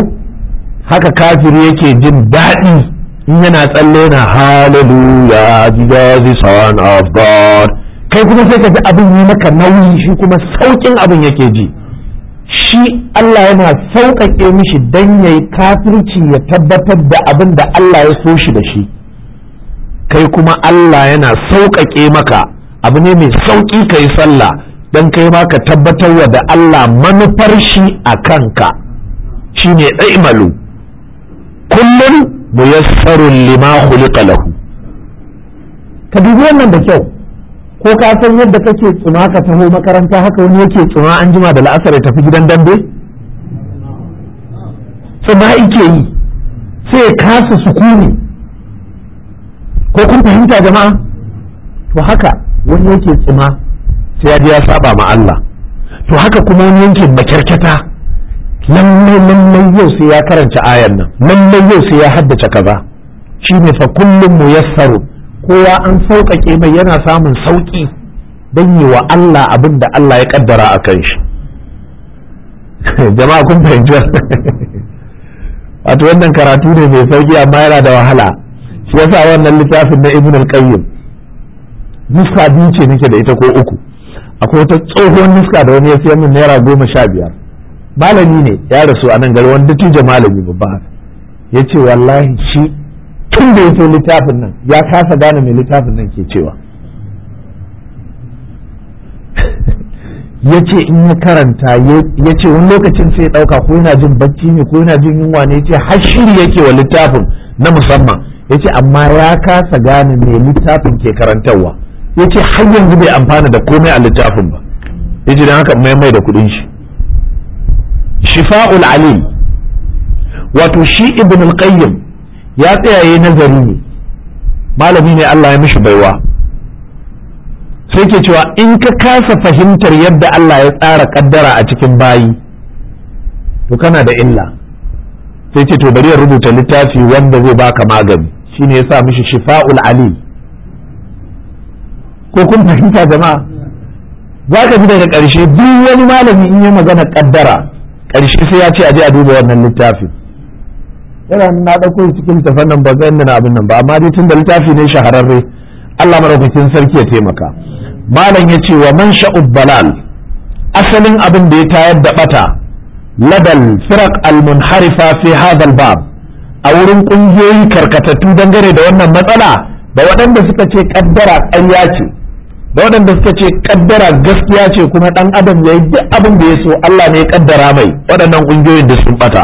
haka kafiri yake jin daɗi yana tsalle na hallelujah Jesus son of God kai kuma sai ka ji abin yi maka nauyi shi kuma saukin abin yake ji shi Allah yana sauƙaƙe mishi dan yayi kafirci ya tabbatar da abin da Allah ya so shi da shi kai kuma Allah yana sauƙaƙe maka abu ne mai sauƙi ka yi sallah don kai ma ka tabbatar wa da Allah manufar shi a kanka shi ne ɗaimalu kullum muyassarun lima khuliqa lahu ka dubi wannan da kyau ko ka san yadda kake tsuma ka taho makaranta haka wani yake tsuma an jima da la'asar ya tafi gidan dambe tsuma yake yi sai ya kasa sukuni ko kun fahimta jama'a to haka wani yake tsuma sai ya ya saba ma Allah to haka kuma wani yankin makyarkyata lallai lallai yau sai ya karanta ayan nan lallai yau sai ya haddace kaza shine fa kullum muyassaru kowa an sauƙaƙe mai yana samun sauƙi don yi wa Allah abin da Allah ya kaddara a kan shi jama'a kun fahimci wato wannan karatu ne mai sauƙi amma yana da wahala shi yasa wannan littafin na ibn al-qayyim nuska biyu ce nake da ita ko uku akwai wata tsohon nuska da wani ya siya min naira goma sha biyar malami ne ya rasu a nan gari wani tuja malami babba ya ce wallahi shi tun da yake littafin nan ya kasa gane mai littafin nan ke cewa ya ce in ya karanta ya ce wani lokacin sai ya ɗauka ko yana jin bacci ne ko yana jin yunwa ne ya ce hashiri yake wa littafin na musamman ya ce amma ya kasa gane mai littafin ke karantarwa ya ce har yanzu bai amfana da komai a littafin ba ya ce don haka mai mai da kuɗin shi shifa'ul alim wato shi ibn al-qayyim ya tsayaye nazari ne malami ne Allah ya mishi baiwa sai ke cewa in ka kasa fahimtar yadda Allah ya tsara kaddara a cikin bayi to kana da illa sai ce to bari ya rubuta littafi wanda zai baka magani shine yasa mishi shifa'ul alim ko kun fahimta jama'a za ka ji daga ƙarshe duk wani malami in yi magana kaddara ƙarshe sai ya ce a je a duba wannan littafin yana na ɗauko cikin tafan nan ba zan nuna abin nan ba amma dai tunda littafi ne shahararre Allah madaukakin sarki ya taimaka malam ya ce wa man sha'ub balal asalin abin da ya tayar da bata ladal firak al munharifa fi hadal ba bab a wurin kungiyoyi karkatattu dangane da wannan matsala Ba waɗanda suka ce kaddara ƙarya ce da waɗanda suka ce kaddara gaskiya ce kuma ɗan adam ya yi duk abin da ya so Allah ne ya kaddara mai waɗannan ƙungiyoyin da sun ɓata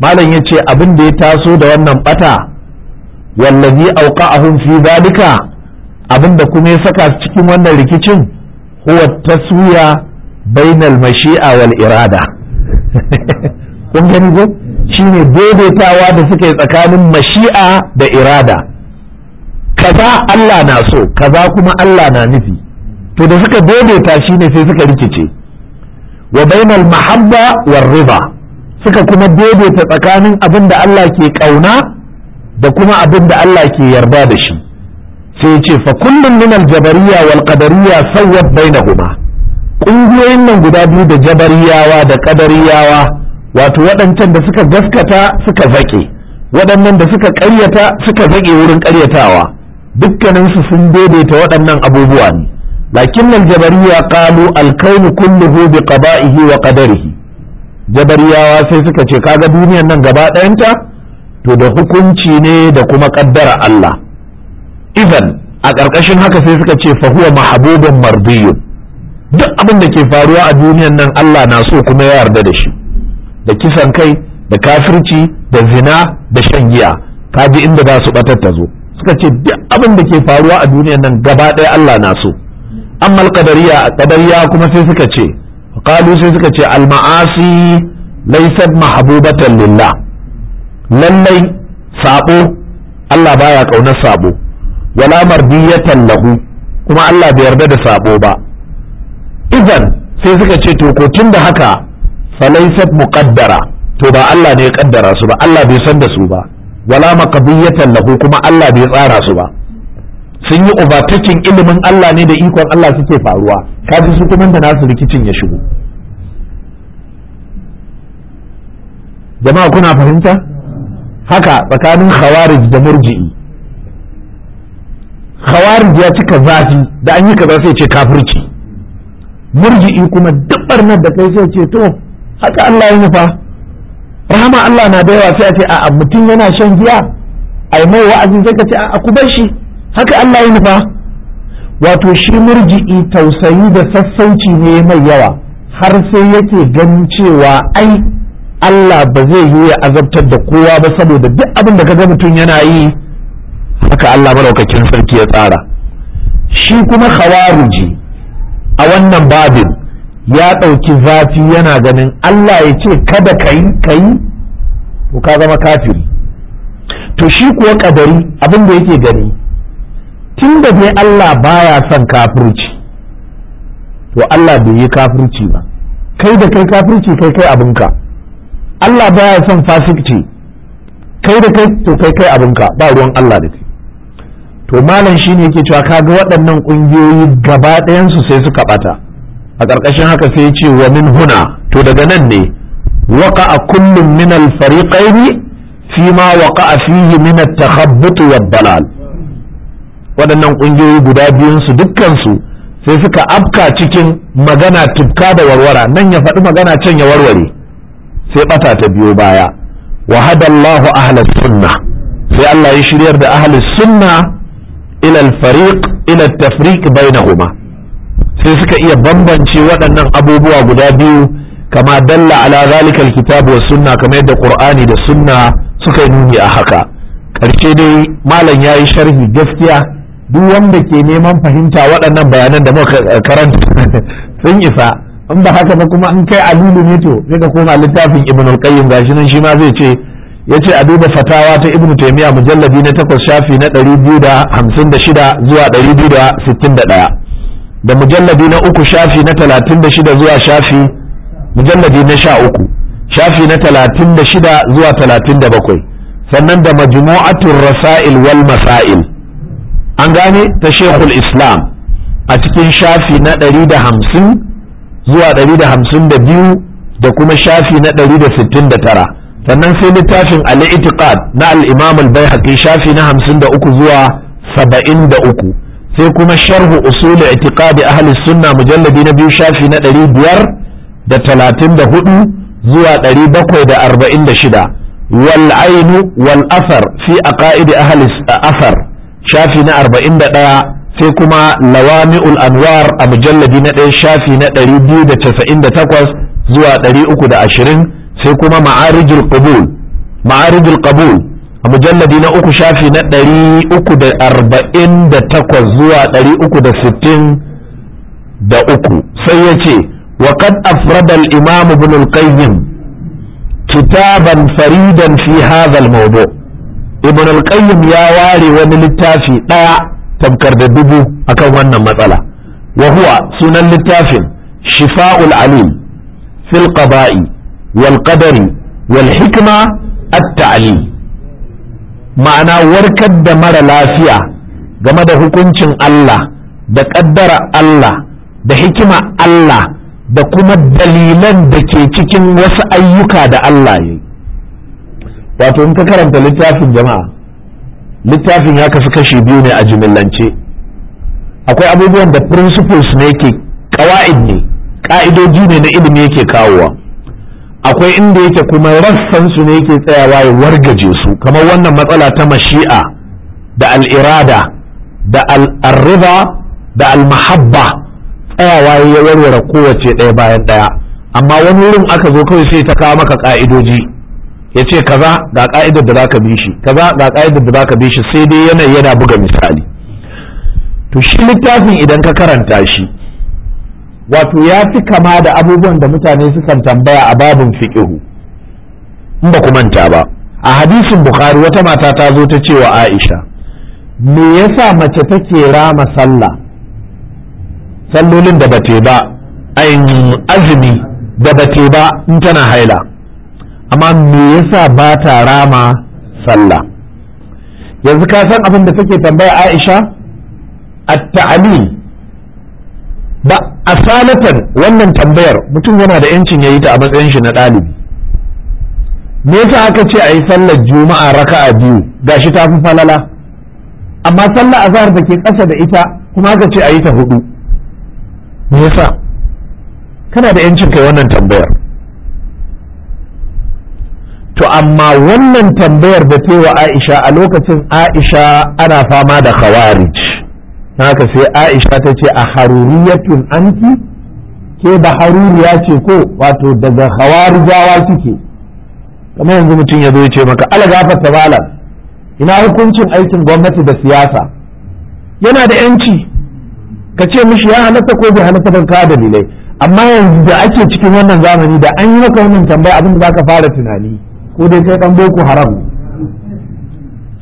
malam ya ce abin da ya taso da wannan ɓata wallazi auqa'ahum fi zalika abin da kuma ya saka su cikin wannan rikicin huwa taswiya bainal mashi'a wal irada kun gani ko shine daidaitawa da suka yi tsakanin mashi'a da irada kaza Allah na so kaza kuma Allah na nufi to da suka daidaita shi ne sai suka rikice wa bainal mahabba war riba suka kuma daidaita tsakanin abin da Allah ke kauna da kuma abin da Allah ke yarda da shi sai ya ce fa kullum min aljabariya wal qadariyya sawwat bainahuma kungiyoyin nan guda biyu da jabariyawa da qadariyawa wato waɗancan da suka gaskata suka zake waɗannan da suka ƙaryata suka zage wurin ƙaryatawa dukkaninsu sun daidaita waɗannan abubuwa ne lakin jabariya qalu alkaunu kulluhu bi qada'ihi wa qadarihi jabariyawa sai suka ce kaga duniyan nan gaba ɗayanta to da hukunci ne da kuma kaddara Allah idan a ƙarƙashin haka sai suka ce fa huwa mahbubun duk abin da ke faruwa a duniyan nan Allah na so kuma ya yarda da shi da kisan kai da kafirci da zina da shan giya kaji inda ba su batar ta suka ce duk abin da ke faruwa a duniyar nan gaba ɗaya Allah na so amma alqadariya qadariya kuma sai suka ce qalu sai suka ce alma'asi laysat mahbubatan lillah lallai sabo Allah baya kaunar sabo wala mardiyatan lahu kuma Allah bai yarda da sabo ba idan sai suka ce to ko tun da haka falaisat muqaddara to ba Allah ne ya kaddara su ba Allah bai san da su ba wala ya lahu kuma Allah bai tsara su ba sun yi ubatakin ilimin Allah ne da ikon Allah suke faruwa kaji su kuma da nasu rikicin ya shigo jama'a kuna fahimta haka tsakanin khawarij da murji'i khawarij ya cika zafi da an yi kaza sai ce kafirci murji'i kuma duk nan da kai sai ce to haka Allah ya nufa rahama Allah na da yawa sai a ce a mutum yana shan giya yi mai wa'azi sai ka ce a ku bar shi haka Allah ya nufa wato shi murji'i tausayi da sassauci ne mai yawa har sai yake ganin cewa ai Allah ba zai yi ya azabtar da kowa ba saboda duk abin da kaga mutum yana yi haka Allah malaukakin sarki ya tsara shi kuma khawariji a wannan babin ya ɗauki zafi yana ganin Allah ya ce kada ka yi ka yi to ka zama kafiri to shi kuwa ƙadari abin da yake gani tun da dai Allah baya son kafirci to Allah bai yi kafirci ba kai da kai kafirci kai kai abinka Allah baya son fasikci kai da kai to kai kai abinka ba ruwan Allah da kai to malam shine yake cewa kaga waɗannan ƙungiyoyi gaba ɗayansu sai suka ɓata a ƙarƙashin haka sai ce wa min huna to daga nan ne waka a kullum min ƙaini fi ma waka a fihi min takhabbutu wa dalal waɗannan ƙungiyoyi guda su dukkansu sai suka afka cikin magana tubka da warwara nan ya faɗi magana can ya warware sai ɓata ta biyo baya wa hadallahu ahlus sunna sai Allah ya shiryar da ahlus sunna ila alfariq fariq ila tafriq bainahuma sai suka iya bambance waɗannan abubuwa guda biyu kama dalla ala zalika alkitabu wa sunna kamar yadda qur'ani da sunna suka yi nuni a haka karshe dai malam ya yi sharhi gaskiya duk wanda ke neman fahimta waɗannan bayanan da muka karanta sun isa in ba haka ba kuma in kai alilu ne to sai ka koma littafin ibn al-qayyim gashi nan shi ma zai ce yace a duba fatawa ta ibn taymiya mujalladi na 8 shafi na 256 zuwa 261 da mujalladi na uku shafi na talatin da shida zuwa shafi mujalladi na sha uku shafi na talatin da shida zuwa talatin da bakwai sannan da majmu'atul rasail wal masail an gane ta shekul islam a cikin shafi na ɗari da hamsin zuwa ɗari da hamsin da biyu da kuma shafi na ɗari da sittin da tara sannan sai littafin al-itiqad na al-imam al-baihaqi shafi na hamsin da uku zuwa saba'in da uku sai kuma sharhu usul i'tiqadi ahli sunna mujalladi na biyu shafi na ɗari biyar zuwa ɗari wal ainu wal asar fi aqaidi ahli asar shafi na 41 da ɗaya sai kuma lawami'ul anwar a mujalladi na ɗaya shafi na ɗari da casa'in zuwa ɗari sai kuma ma'arijul qabul ma'arijul qabul a mujalladi na uku shafi na ɗari uku da arba'in da takwas zuwa ɗari uku da sittin da uku sai ya ce wa kad afrada al-imam ibn al-qayyim kitaban faridan fi hadha al-mawdu ibn al-qayyim ya ware wani littafi ɗaya tamkar da dubu akan wannan matsala wa huwa sunan littafin shifa'ul alim fil qada'i wal qadari wal hikma at-ta'lim ma'ana warkar da mara lafiya game da hukuncin Allah da ƙaddara Allah da hikima Allah da kuma dalilan da ke cikin wasu ayyuka da Allah yi wato in ka karanta littafin jama'a littafin ya kafi kashi biyu ne a jimillance akwai abubuwan da principles ne ke kawa'id ne ka'idoji ne na ilimi yake kawowa akwai inda yake kuma rassan su ne yake tsayawa ya wargaje su kamar wannan matsala ta mashi'a da al'irada da al'arriba da almahabba tsayawa ya warware kowace ɗaya bayan ɗaya amma wani wurin aka zo kawai sai ta kawo maka ka'idoji ya ce kaza ga ka'idar da za ka bi shi kaza ga ka'idar da za ka bi shi sai dai yanayi yana buga misali to shi littafin idan ka karanta shi wato ya fi kama da abubuwan da mutane sukan tambaya a babin fiƙihu in ba ku manta ba a hadisin bukhari wata mata ta zo ta cewa aisha me yasa mace take rama sallah sallolin da bate ba ayin azumi da bate ba in tana haila amma me yasa ba ta rama sallah yanzu ka san abin da take tambaya aisha at-ta'lil ba Salatan, wannan tambayar mutum yana da yancin ya yi ta a matsayin shi na ɗalibi me yasa aka ce a yi sallar juma'a raka'a biyu gashi ta fi falala amma sallar azhar da ke ƙasa da ita kuma aka ce a yi ta hudu me yasa kana da yancin kai wannan tambayar to amma wannan tambayar da wa Aisha a lokacin Aisha ana fama da khawarij haka sai aisha ta ce a haruriyatun anki ke ba haruriya ce ko wato daga jawa suke kamar yanzu mutum ya zo ya ce maka alagafa tabala ina hukuncin aikin gwamnati da siyasa yana da yanci ka ce mishi ya halatta ko bai halatta ban ka dalilai amma yanzu da ake cikin wannan zamani da an yi maka wannan tambaya abin da zaka fara tunani ko dai kai dan boko haram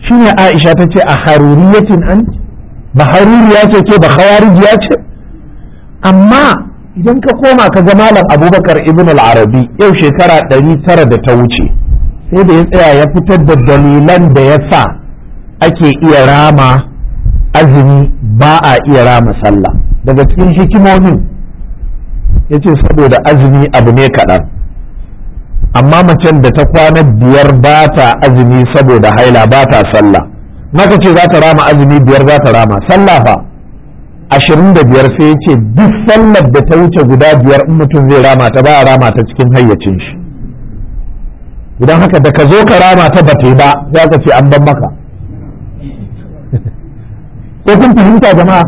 shine aisha ta ce a haruriyatin anki. ba haruriya ce ce ba ya ce amma idan ka koma ka ga malam abubakar ibn al-arabi yau shekara ɗari tara da ta wuce sai da ya tsaya ya fitar da dalilan da ya sa ake iya rama azumi ba a iya rama sallah daga cikin hikimomin ya ce saboda azumi abu ne kaɗan amma macen da ta kwana biyar ba ta azumi saboda haila ba ta sallah maka ce za ta rama azumi biyar za ta rama sallah fa ashirin da biyar sai ya ce duk sallar da ta wuce guda biyar in mutum zai rama ta ba a rama ta cikin hayyacin shi idan haka da ka zo ka rama ta ba ba za ka ce an ban maka ko kun fahimta jama'a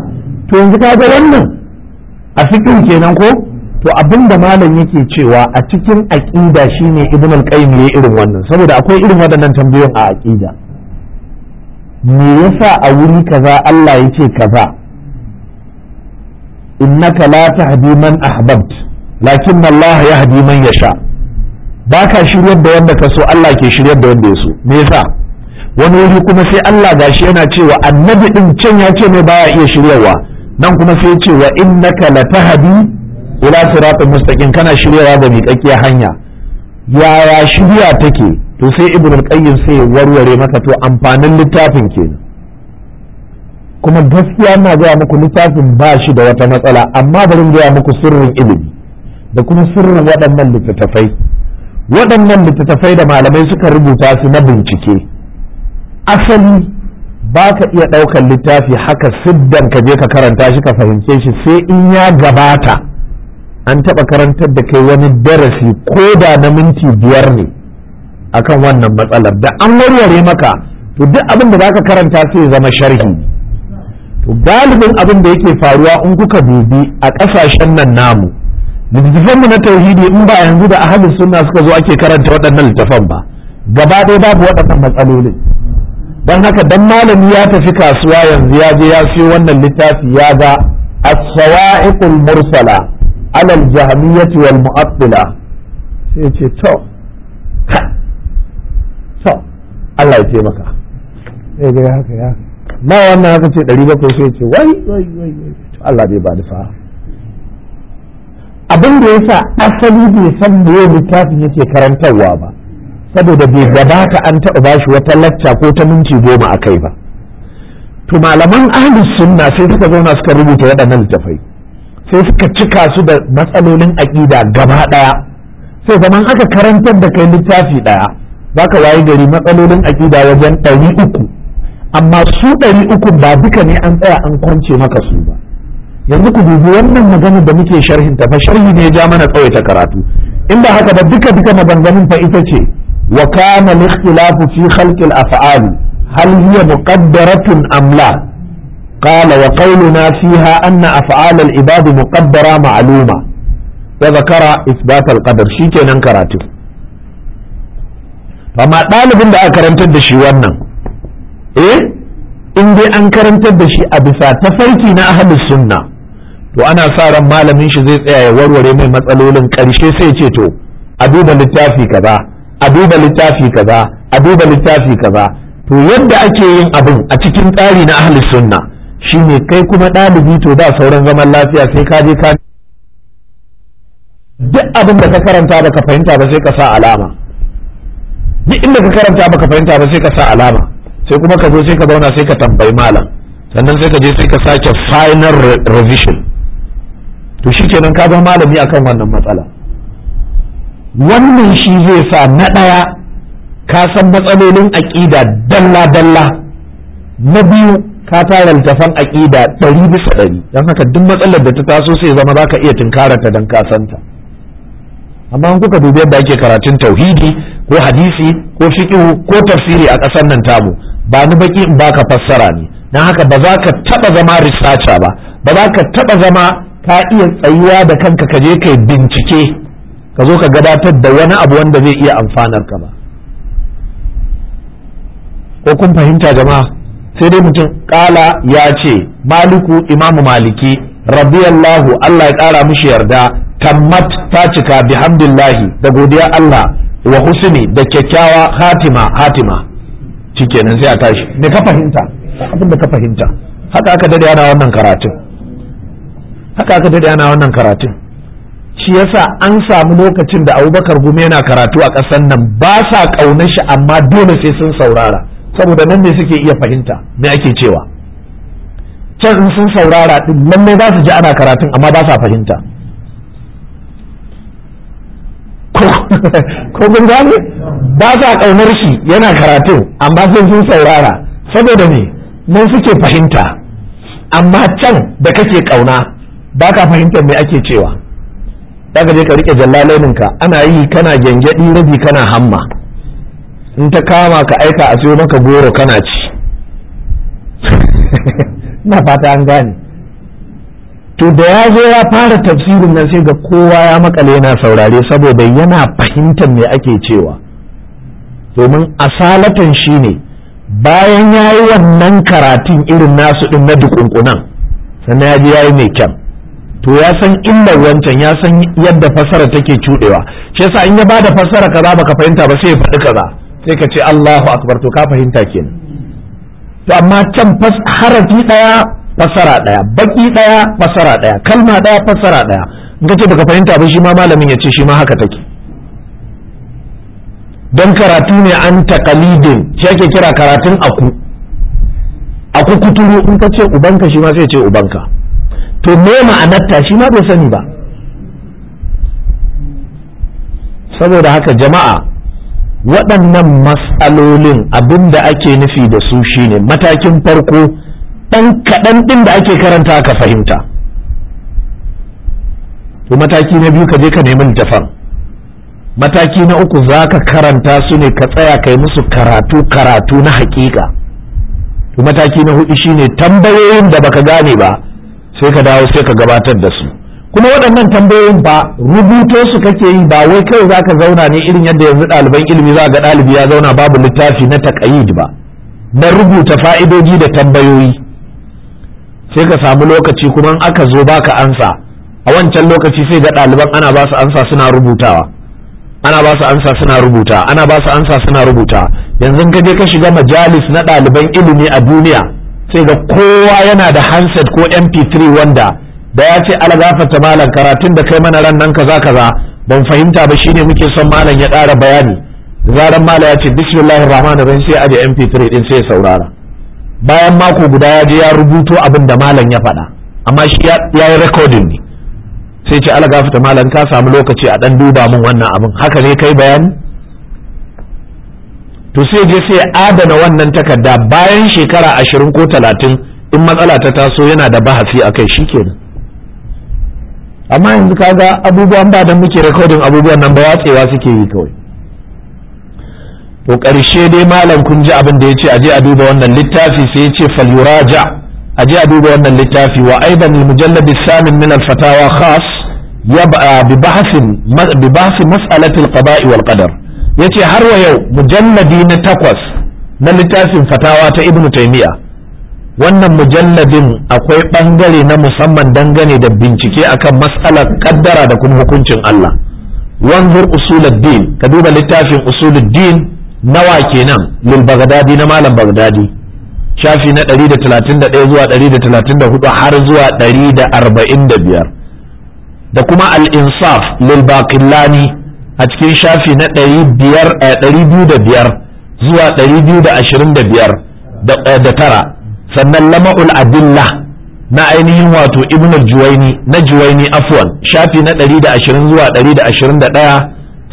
to yanzu ka ga wannan a fikin kenan ko to abin da malam yake cewa a cikin aƙida shine ibn al-qayyim ya irin wannan saboda akwai irin waɗannan tambayoyin a aƙida me yasa a wuri kaza Allah ya ce kaza innaka la tahdi man ahbabt lakin Allah yahdi man yasha baka shiryar da wanda ka so Allah ke shiryar da wanda ya so me yasa wani wuri kuma sai Allah gashi yana cewa annabi din can ya ce mai baya iya shiryarwa nan kuma sai ya ce wa innaka la tahdi ila siratal mustaqim kana shiryawa da miƙaƙƙiyar hanya yaya shirya take to sai ibn al-qayyim sai ya warware maka to amfanin littafin kenan kuma gaskiya na gaya muku littafin ba shi da wata matsala amma bari gaya muku sirrin ilimi da kuma sirrin waɗannan littattafai waɗannan littattafai da malamai suka rubuta su na bincike asali ba ka iya ɗaukar littafi haka siddan ka je ka karanta shi ka fahimce shi sai in ya gabata an taɓa karantar da kai wani darasi ko da na minti biyar ne akan wannan matsalar da an warware maka to duk abin da zaka karanta sai zama sharhi to galibin abin da yake faruwa in kuka dubi a kasashen nan namu littattafan mu na tauhidi in ba yanzu da ahlus sunna suka zo ake karanta waɗannan littattafan ba gaba ɗaya babu waɗannan matsalolin don haka dan malami ya tafi kasuwa yanzu ya je ya siyo wannan littafi ya ga as-sawa'iqul mursala ala al-jahmiyyah wal mu'attila sai ce to Allah ya taimaka Ya ga haka ya ba wannan haka ce ɗari bakwai sai ce wai wai wai Allah bai ba ni fa. abin da ya sa asali bai san me littafin yake karantarwa ba saboda bai gabata an taɓa shi wata lacca ko ta minti goma a kai ba to malaman ahlus sunna sai suka zauna suka rubuta waɗannan littafai sai suka cika su da matsalolin aƙida gaba ɗaya sai zaman aka karantar da kai littafi ɗaya za ka waye gari matsalolin aƙida wajen ɗari uku amma su ɗari uku ba duka ne an tsaya an kwance maka su ba yanzu ku dubi wannan magana da muke sharhin ta fa sharhi ne ya ja mana tsawaita karatu in ba haka ba duka duka maganganun fa ita ce wa kana al-ikhtilafu fi khalqi al-af'ali hal hiya muqaddaratun am la qala wa qawluna fiha anna af'al al muƙaddara muqaddara ma'luma wa dhakara ithbat shikenan karatu amma ɗalibin da aka karantar da shi wannan eh in dai an karantar da shi a bisa tafarki na ahlus sunna to ana sa ran malamin shi zai tsaya ya warware mai matsalolin karshe sai ce to a duba littafi kaza a duba littafi kaza a duba littafi kaza to yadda ake yin abin a cikin tsari na ahlus sunna shine kai kuma ɗalibi to da sauran zaman lafiya sai ka je ka duk abin da ka karanta da ka fahimta ba sai ka sa alama duk inda ka karanta baka fahimta ba sai ka sa alama sai kuma ka zo sai ka zauna sai ka tambayi malam sannan sai ka je sai ka sake final revision to shi kenan ka zama malami akan wannan matsala wannan shi zai sa na ɗaya ka san matsalolin aƙida dalla-dalla na biyu ka tara littafan aƙida ɗari bisa ɗari don haka duk matsalar da ta taso sai zama za ka iya tunkarata don ka santa. amma in kuka dubi yadda ake karatun tauhidi ko hadisi ko fiqhu ko tafsiri a ƙasar nan tamu ba ni baki in baka fassara ne dan haka ba za ka taba zama researcher ba ba za ka taba zama ka iya tsayuwa da kanka ka je kai bincike ka zo ka gabatar da wani abu wanda zai iya amfanar ka ba ko kun fahimta jama'a sai dai mutum kala ya ce maliku imamu maliki radiyallahu Allah ya kara mishi yarda tammat ta cika bihamdillahi da godiya Allah wa husni da kyakkyawa hatima hatima shikenan sai a tashi me ka fahimta abin da ka fahimta haka aka dade ana wannan karatun haka aka dade ana wannan karatun shi yasa an samu lokacin da abubakar gume yana karatu a ƙasar nan ba sa kauna shi amma dole sai sun saurara saboda nan ne suke iya fahimta me ake cewa can in sun saurara din ne za su ji ana karatun amma ba sa fahimta ko kun gane ba sa kaunar shi yana karatun amma sai sun saurara saboda ne mun suke fahimta amma can da kake kauna ba ka fahimtar me ake cewa Da ka je ka rike jallalaininka ana yi kana gyangyaɗi rabi kana hamma in ta kama ka aika a siyo maka goro kana ci na fata an gane to da ya zo ya fara tafsirin nan sai ga kowa ya makale yana saurare saboda yana fahimtar me ake cewa domin asalatan shi ne bayan ya yi wannan karatun irin nasu ɗin na dukunkunan sannan ya ji ya yi mai kyan to ya san illar wancan ya san yadda fasara take cuɗewa shi yasa in ya ba da fasara kaza baka fahimta ba sai ya faɗi kaza sai ka ce Allahu akbar to ka fahimta kenan to amma can harafi ɗaya fasara ɗaya baki ɗaya fasara ɗaya kalma ɗaya fasara ɗaya in ka ce baka fahimta ba shi ma malamin ya ce shi ma haka take don karatu ne an taqalidin shi ake kira karatun aku aku kuturu in ka ce ubanka shi ma sai ce ubanka to me ma'anarta shi ma bai sani ba saboda haka jama'a waɗannan matsalolin abin da ake nufi da su shine matakin farko ɗan kaɗan ɗin da ake karanta ka fahimta to mataki na biyu ka je ka nemi littafan mataki na uku za ka karanta su ne ka tsaya kai musu karatu karatu na haƙiƙa to mataki na hudu shine tambayoyin da baka gane ba sai ka dawo sai ka gabatar da su kuma waɗannan tambayoyin ba rubuto su kake yi ba wai kai zaka zauna ne irin yadda yanzu ɗaliban ilimi za ga ɗalibi ya zauna babu littafi na taƙayid ba na rubuta fa'idoji da tambayoyi sai ka samu lokaci kuma in aka zo baka ansa a wancan lokaci sai ga ɗaliban ana ba su ansa suna rubutawa ana ba su ansa suna rubuta ana ba su ansa suna rubuta yanzu ka je ka shiga majalis na ɗaliban ilimi a duniya sai ga kowa yana da handset ko mp3 wanda da ya ce algafata malam karatun da kai mana ran nan kaza kaza ban fahimta ba shine muke son malam ya ƙara bayani zaran malam ya ce bismillahir rahmanir rahim sai a je mp3 din sai ya saurara bayan mako guda ya je ya rubuto abin da malam ya faɗa amma shi ya yi recording ne sai ce algafata malam ka samu lokaci a dan duba min wannan abin haka ne kai bayani to sai je sai adana wannan takarda bayan shekara ashirin ko talatin in matsala ta taso yana da bahasi a kai shi kenan amma yanzu kaga abubuwan ba dan muke rekodin abubuwan nan ba watsewa suke yi kawai to ƙarshe dai malam kun ji abin da ya ce aje a duba wannan littafi sai ya ce falyuraja aje a duba wannan littafi wa aidan al-mujallad samin min al-fatawa khas yab'a bi bahsin bi bahsi mas'alat al-qada'i wal qadar yace har wa yau mujalladi na takwas na littafin fatawa ta ibnu taymiya wannan mujalladin akwai ɓangare na musamman dangane da bincike akan matsalar kaddara da kuma hukuncin Allah wanzur usuluddin ka duba littafin usuluddin nawa kenan lil bagdadi na malam bagdadi shafi na 131 zuwa 134 har zuwa 145 da kuma al-insaf lil baqillani a cikin shafi na 500 eh, zuwa 225 eh, da tara sannan lama'ul adilla na ainihin wato ibn juwaini na juwaini afwan shafi na 120 zuwa 121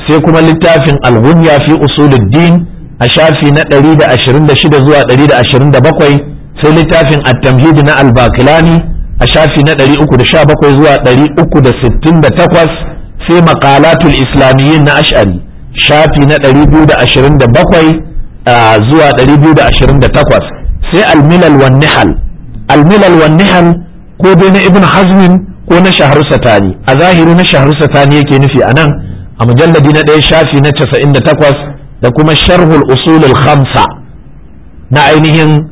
sai kuma littafin al-ghunya fi usuluddin a shafi na 126 zuwa 127 sai littafin at-tamhid na al-baqilani a shafi na 317 zuwa 368 sai maqalatul islamiyyin na ash'ari shafi na 227 zuwa 228 sai almilal wan nihal almilal wan nihal ko dai na ibnu hazmin ko na shahru satani a zahiri na shahru satani yake nufi a nan a mujalladi na ɗaya shafi na casa'in da takwas da kuma sharhul usulul khamsa na ainihin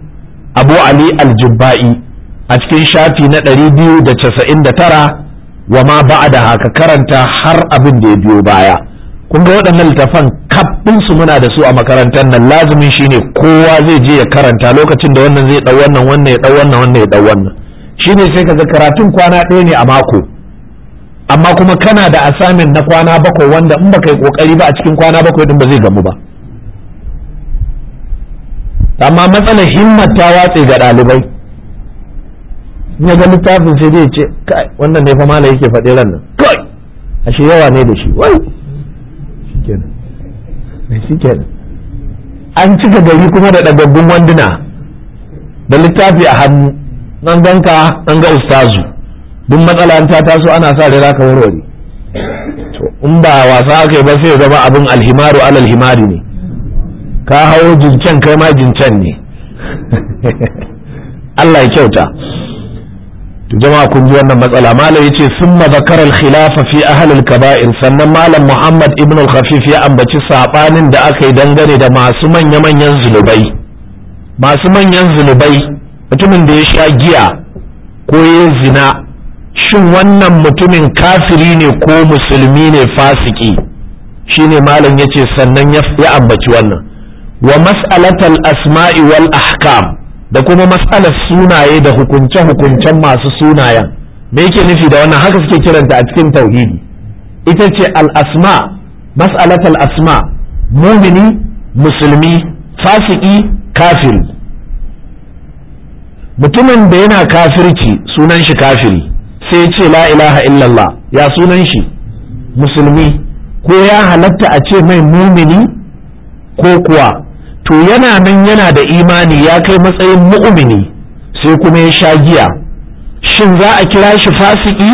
abu ali aljubba'i a cikin shafi na ɗari biyu da casa'in da tara wa ma ba'a da haka karanta har abin da ya biyo baya kun ga waɗannan littafan kaɗinsu muna da su a makarantar nan lazumin shine kowa zai je ya karanta lokacin da wannan zai ɗau wannan wannan ya ɗau wannan wannan ya ɗau wannan shine sai ka ga karatun kwana ɗaya ne a mako amma kuma kana da asamin na kwana bakwai wanda in baka yi kokari ba a cikin kwana bakwai din ba zai gamu ba amma matsalar himmat ta watse ga ɗalibai ya ga littafin sai zai ce kai wannan ne fa mala yake faɗi ran nan kai ashe yawa ne da shi wai an cika gari kuma da ɗagaggun wanduna da littafi a hannu nan ganka nan ga ustazu duk matsala an ta taso ana sa rira ka warware to in ba wasa aka yi ba sai zama abin alhimaru alal himari ne ka hawo jincen kai ma jincen ne Allah ya kyauta jama'a kun ji wannan matsala malam yace summa zakara al-khilafa fi ahli al-kaba'ir sannan malam Muhammad ibn al-Khafif ya ambaci sabanin da aka yi dangane da masu manya-manyan zulubai masu manyan zulubai mutumin da ya sha giya ko ya zina shin wannan mutumin kafiri ne ko musulmi ne fasiki shine malam yace sannan ya ambaci wannan wa mas'alatal asma'i wal ahkam da kuma matsalar sunaye da hukunce-hukuncen masu sunayen me yake nufi da wannan haka suke kiranta a cikin tauhidi ita ce al'asma mas'alat al'asma mumini musulmi fasiki kafir mutumin da yana kafirci sunan shi kafiri sai ce la ilaha illallah ya sunan shi musulmi ko ya halatta a ce mai mumini ko kuwa to yana nan yana da imani ya kai matsayin mu'mini sai kuma ya sha giya shin za a kira shi fasiki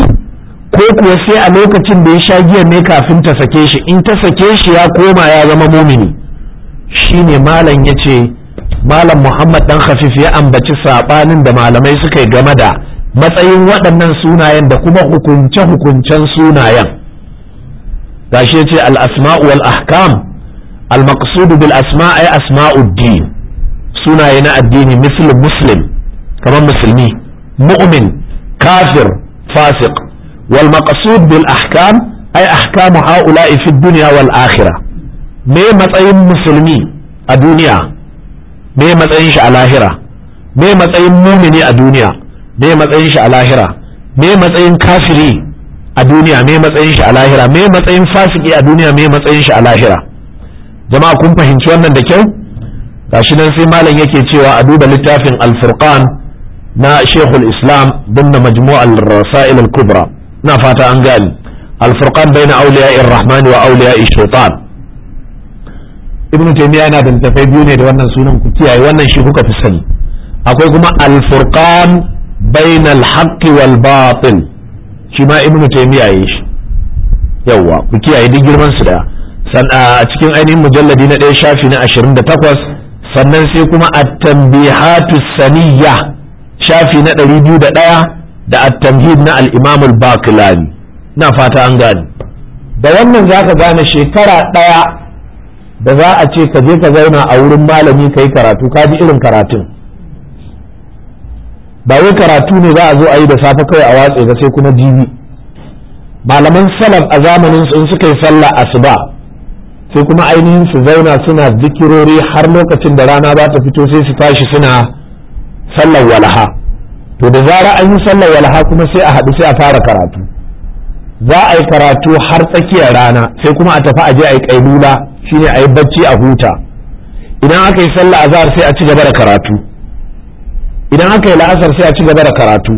ko kuwa sai a lokacin da ya sha giya ne kafin ta sake shi in ta sake shi ya koma ya zama mumini shine malam ya ce malam muhammad dan hafif ya ambaci saɓanin da malamai suka yi game da matsayin waɗannan sunayen da kuma hukunce-hukuncen sunayen gashi yace ce al-asma'u wal ahkam al bil asma ay asma'uddin sunaye na addini misal muslim kamar musulmi mu'min kafir fasik wal bil ahkam ay ahkamu ha'ula'i fi dunya wal akhirah me matsayin musulmi a duniya me matsayin shi a me matsayin mumini a duniya me matsayin shi a me matsayin kafiri a duniya me matsayin shi a me matsayin a duniya me matsayin shi a lahira jama'a kun fahimci wannan da kyau gashi nan sai malam yake cewa a duba littafin alfurqan na shekul islam dinna majmu'al rasail al-kubra na fata an gani alfurqan baina bayna awliya ar-rahman wa awliya ash-shaytan ibnu taymiya yana da tafai biyu ne da wannan sunan ku kiyaye wannan shi kuka fi sani akwai kuma alfurqan furqan bayna al-haqq wal batil shi ma ibnu taymiya yayi shi yawa ku kiyaye duk girman su da a cikin ainihin mujalladi na ɗaya shafi na ashirin da takwas sannan sai kuma at-tanbihatu saniya shafi na ɗari biyu da ɗaya da at-tamhid na al-imam al-bakilani na fata an gane da wannan zaka gane shekara ɗaya da za a ce ka je ka zauna a wurin malami ka yi karatu ka ji irin karatun ba wai karatu ne za a zo a yi da safe kawai a watse ga sai kuma jibi malaman salaf a zamanin sun suka yi sallah asuba sai kuma ainihin su zauna suna zikirori har lokacin da rana za ta fito sai su tashi suna sallar walaha to da zara an yi sallar walaha kuma sai a haɗu sai a fara karatu za a yi karatu har tsakiyar rana sai kuma a tafi a je a yi ƙailula shine a yi bacci a huta idan aka yi sallar azhar sai a ci gaba da karatu idan aka yi la'asar sai a ci gaba da karatu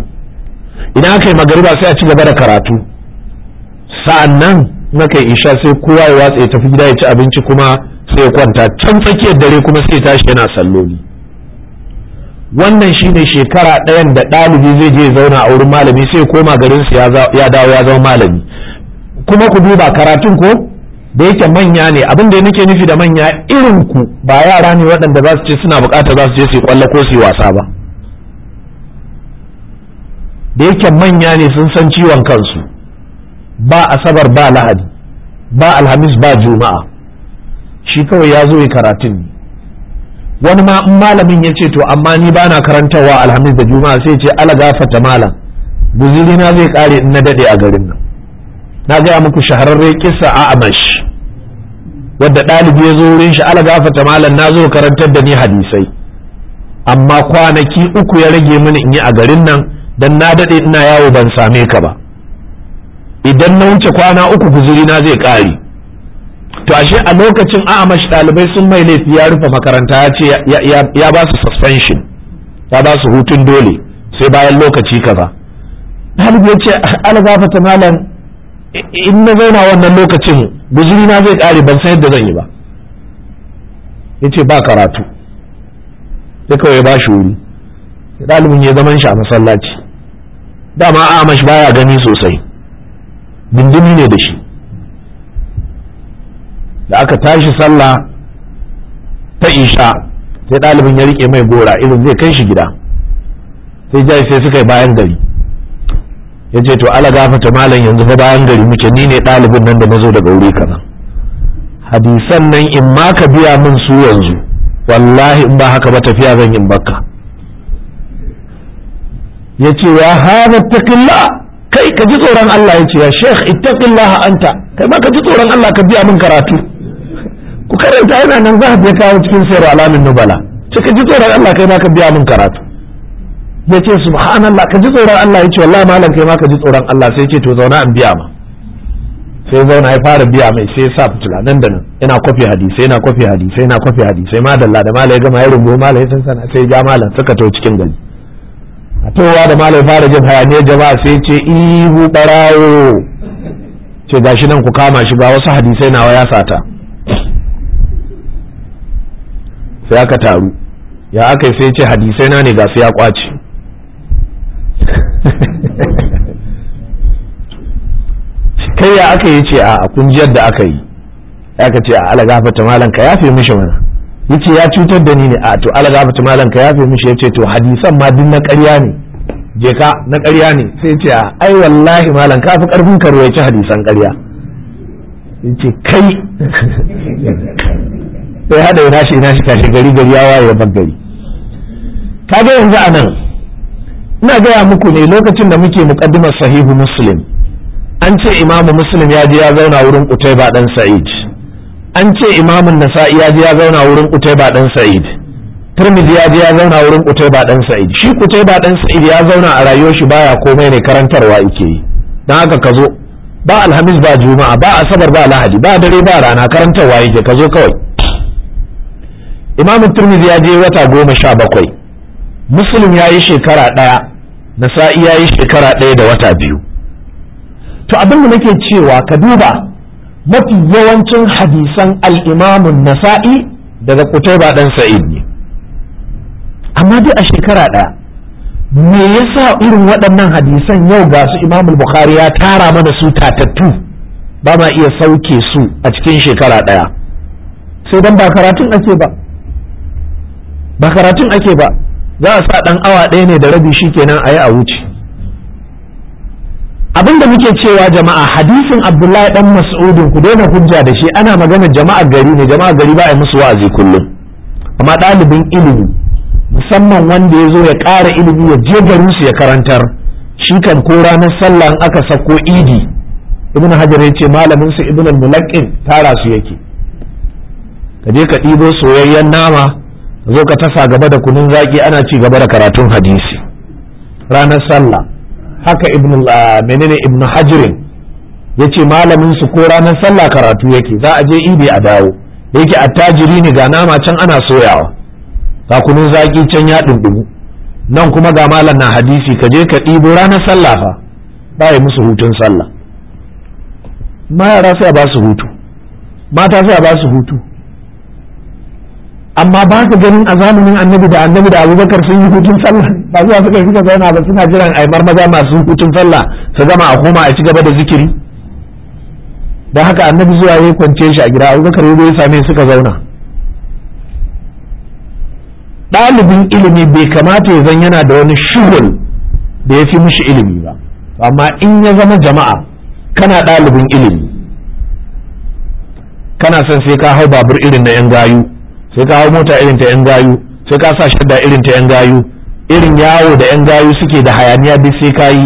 idan aka yi magariba sai a ci gaba da karatu sa'annan na kai isha sai kowa ya watsa ya tafi gida ya ci abinci kuma sai ya kwanta can tsakiyar dare kuma sai tashi yana salloli wannan shine shekara ɗayan da ɗalibi zai je zauna a wurin malami sai koma garin su ya dawo ya zama malami kuma ku duba karatun ko da yake manya ne abin da nake nufi da manya irin ku ba yara ne waɗanda za su ce suna bukata za su je su kwalla ko su yi wasa ba da yake manya ne sun san ciwon kansu ba asabar ba lahadi ba alhamis ba juma'a shi kawai ya zo ya karatun wani ma in malamin ya ce to amma ni ba na karantarwa alhamis da juma'a sai ce ala gafata malam guzuri na zai kare in na dade a garin nan na gaya muku shahararren kisa a amash wadda ɗalibi ya zo wurin shi ala gafata malam na zo karantar da ni hadisai amma kwanaki uku ya rage mini in yi a garin nan dan na dade ina yawo ban same ka ba idan na wuce kwana uku guzuri na zai kare to ashe a lokacin a amash ɗalibai sun mai laifi ya rufe makaranta ya ce ya ba su suspension ya ba su hutun dole sai bayan lokaci kaza ɗalibi ya ce algafa ta malam in na zauna wannan lokacin guzuri na zai kare ban san yadda zan yi ba ya ba karatu sai kawai ba shi wuri ɗalibin ya zaman shi a masallaci dama amash baya gani sosai bindini ne da shi da aka tashi sallah ta isha sai ɗalibin ya rike mai gora irin zai kai shi gida sai jai sai suka yi bayan gari ya ce to ala gafata malam yanzu fa bayan gari muke ni ne ɗalibin nan da na zo daga wuri kaza hadisan nan in ma ka biya min su yanzu wallahi in ba haka ba tafiya zan yi bakka ya ce ya hada takilla kai ka ji tsoron Allah ya ce ya sheikh ittaqillah anta kai ma ka ji tsoron Allah ka biya min karatu ku karanta yana nan za ka kawo cikin sayar alamin nubala ce ka ji tsoron Allah kai ma ka biya min karatu ya ce subhanallah ka ji tsoron Allah ya ce wallahi malam kai ma ka ji tsoron Allah sai ya ce to zauna an biya ma sai zauna ya fara biya mai sai ya sa fitila nan da nan yana kwafi hadisai yana kwafi hadisai yana kwafi hadisai madalla da malai ya gama ya rubu malai ya san sana sai ya ja malam suka to cikin gari a towa da malam fara jin hayaniyar jama'a sai ce ihu barawo ce gashi nan ku kama shi ba wasu hadisai nawa ya sata sai aka taru ya aka sai ce hadisai na ne ga su ya kwace kai ya aka yi ce a kunjiyar da aka yi ka ce a ala gafata malam ka fi mishi mana yace ya cutar da ni ne a to alaga mutum malam ka yafe mishi yace to hadisan ma din na ƙarya ne je ka na ƙarya ne sai ce ai wallahi malam ka fi ƙarfin ka ruwaici hadisan ƙarya yace kai sai hada ya nashi nashi kashi gari gari ya waye Ka kaga yanzu anan ina gaya muku ne lokacin da muke muqaddimar sahihu muslim an ce imamu muslim ya je ya zauna wurin Qutaiba dan Sa'id an ce imamun nasa'i ya je ya zauna wurin kutaiba dan sa'id tirmidhi ya je ya zauna wurin kutaiba dan sa'id shi kutaibaɗan dan sa'id ya zauna a rayuwar shi baya komai ne karantarwa yake yi dan haka kazo. ba alhamis ba juma'a ba asabar ba lahadi ba dare ba rana karantarwa yake ka kawai imamun tirmidhi ya je wata goma sha bakwai muslim ya yi shekara ɗaya nasa'i ya yi shekara ɗaya da wata biyu to abin da nake cewa ka duba mafi yawancin hadisan al'imamun nasa'i daga kutaiba ɗan sa'id ne amma duk a shekara ɗaya me yasa irin waɗannan hadisan yau ga su imamul bukhari ya tara mana su tatattu ba ma iya sauke su a cikin shekara ɗaya sai don ba karatun ake ba ba ake ba za a sa ɗan awa ɗaya ne da rabi shi kenan a yi a wuce abinda muke cewa jama'a hadisin abdullahi dan mas'udin ku daina hujja da shi ana magana jama'a gari ne jama'a gari ba a musu wa'azi kullum amma ɗalibin ilimi musamman wanda ya zo ya ƙara ilimi ya je garin su ya karantar shi kan ko ranar sallah in aka sako idi ibnu hajar ya ce malamin su ibnu mulakin tara su yake ka je ka ɗibo soyayyen nama zo ka tasa gaba da kunun zaki ana ci gaba da karatun hadisi ranar sallah haka ibn ah, menene ibn hajirin yace malamin su ko ranar sallah karatu yake za a je ibe a dawo yake attajiri ne ga nama can ana soyawa ga kunun zaki can ya dumdumu nan kuma ga malam na hadisi ka je ka ɗibo ranar sallah fa ba ya musu hutun sallah ma yara sai ba su hutu mata sai ba su hutu amma ba ka ganin a zamanin annabi da annabi da abubakar sun yi hutun sallah ba zuwa suka zauna ba suna jiran aimar maza masu hutun sallah su zama a koma a ci gaba da zikiri da haka annabi zuwa ya kwance shi a gida abubakar ya zai same suka zauna ɗalibin ilimi bai kamata ya zan yana da wani shugul da ya fi mishi ilimi ba amma in ya zama jama'a kana ɗalibin ilimi kana son sai ka hau babur irin na 'yan gayu sai ka hau mota irin ta yan gayu sai ka sa shadda irin ta yan gayu irin yawo da yan gayu suke da hayaniya duk sai ka yi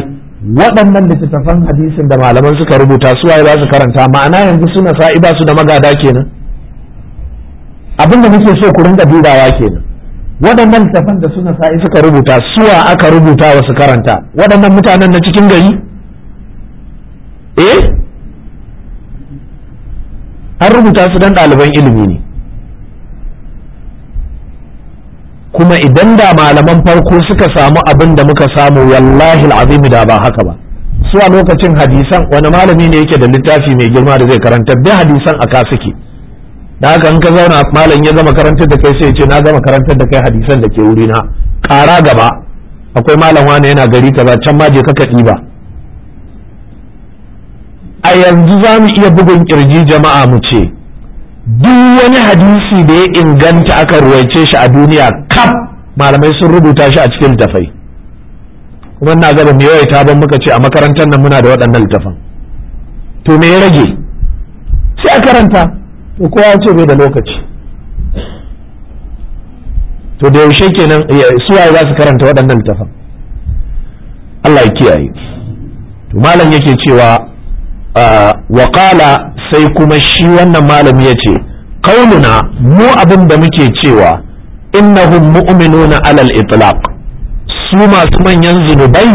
waɗannan littattafan hadisin da malaman suka rubuta su waye za su karanta ma'ana yanzu suna sa'i ba su da magada kenan abin da muke so ku rinka dubawa kenan waɗannan littattafan da suna sa'i suka rubuta suwa aka rubuta wa su karanta waɗannan mutanen na cikin gari eh an rubuta su dan ɗaliban ilimi ne kuma idan da malaman farko suka samu abin da muka samu wallahi al'azim da ba haka ba su a lokacin hadisan wani malami ne yake da littafi mai girma da zai karanta da hadisan aka suke da haka in ka zauna malam ya gama karantar da kai sai ya ce na gama karantar da kai hadisan da ke wurina kara gaba akwai malam wani yana gari ba can ma je ka ba. a yanzu za mu iya bugun kirji jama'a mu ce duk wani hadisi da ya inganta aka ruwaice shi a duniya kaf malamai sun rubuta shi a cikin littafai kuma na gaba me yawaita ban muka ce a makarantar nan muna da waɗannan littafan to me ya rage sai a karanta to kowa ya ce bai da lokaci to da yaushe kenan su suwaye za su karanta waɗannan littafan Allah ya kiyaye to malam yake cewa ah, wa qala sai kuma shi wannan malami ya ce kauluna mu abin da muke cewa innahum mu'minuna alal itlaq su masu manyan zunubai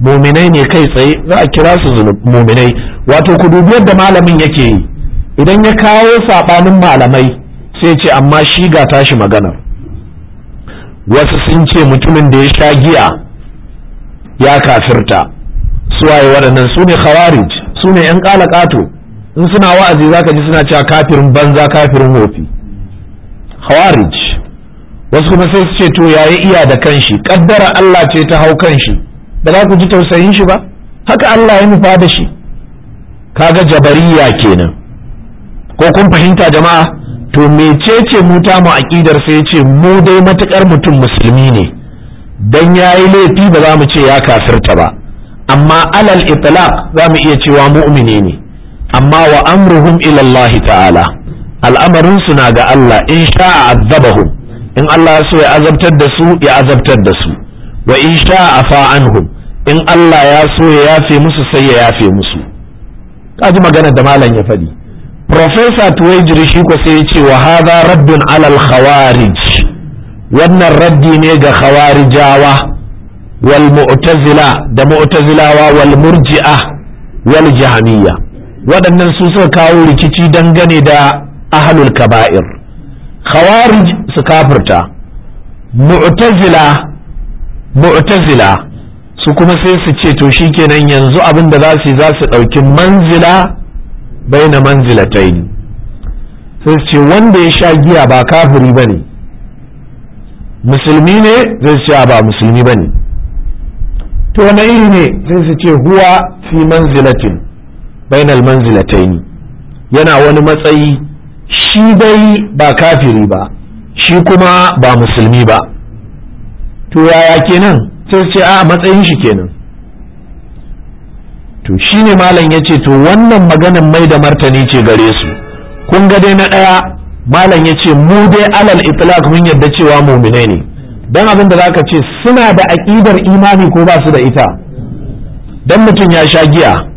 muminai ne kai tsaye za a kira su muminai wato ku dubi yadda malamin yake yi idan ya kawo sabanin malamai sai ce amma shi ga tashi magana wasu sun ce mutumin da ya sha giya ya kafirta suwaye waɗannan su ne khawarij su ne 'yan ƙato in suna wa'azi zaka ji suna cewa kafirin banza kafirin hofi khawarij wasu kuma sai su ce to yayi iya da kanshi kaddara Allah ce ta hau kanshi ba za ku ji tausayin shi ba haka Allah ya nufa da shi kaga jabariya kenan ko kun fahimta jama'a to mecece mu ta mu aqidar sai ce mu dai matukar mutum musulmi ne dan yayi laifi ba za mu ce ya kafirta ba amma alal itlaq za mu iya cewa mu'mini ne amma wa amruhum ila Allah ta'ala al'amarin su na ga Allah in sha'a azabahum in Allah so ya azabtar da su ya azabtar da su wa in sha'a afa anhum in Allah ya so ya yafe musu sai ya yafe musu kaji magana da malam ya faɗi professor Tuwajiri shi ko sai ya ce wa hadha raddun alal khawarij wannan raddi ne ga khawarijawa wal mu'tazila da mu'tazilawa wal murji'ah wal jahmiyya waɗannan su suka kawo rikici dangane da ahlul kaba'ir khawarij su kafirta mu'tazila mu'tazila su kuma sai su ce to shikenan yanzu abin da za su yi za su ɗauki manzila bai na manzilataini sai su ce wanda ya sha giya ba kafiri ba ne musulmi ne zai ce ba musulmi ba ne to na iri ne sai su ce huwa fi manzilatin bainal manzilataini yana wani matsayi shi dai ba kafiri ba shi kuma ba musulmi ba to yaya kenan sai ce a matsayin shi kenan to shine malam ya to wannan maganan mai da martani ce gare su kun ga dai na ɗaya malam yace mu dai alal itlaq mun yadda cewa muminai ne dan abin da zaka ce suna da aqidar imani ko ba su da ita dan mutum ya sha giya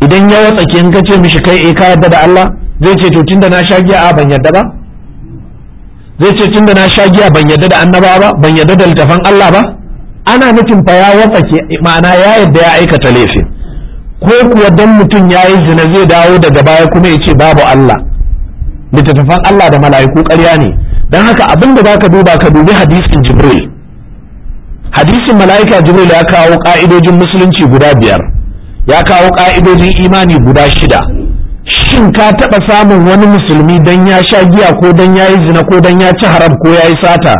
idan ya watsa ki in ka ce mishi kai eh ka yadda da Allah zai ce to tunda na sha giya a ban yadda ba zai ce tunda na sha giya ban yadda da annaba ba ban yadda da littafan Allah ba ana nufin fa ya watsa ke ma'ana ya yadda ya aikata laifin ko kuwa dan mutum ya yi zina zai dawo daga baya kuma ya ce babu Allah littattafan Allah da mala'iku ƙarya ne don haka abin da baka duba ka dubi hadisin Jibril hadisin mala'ika Jibril ya kawo ka'idojin musulunci guda biyar ya kawo ƙa'idodin imani guda shida shin ka taɓa samun wani musulmi don ya sha giya ko don ya yi zina ko don ya ci haram ko ya yi sata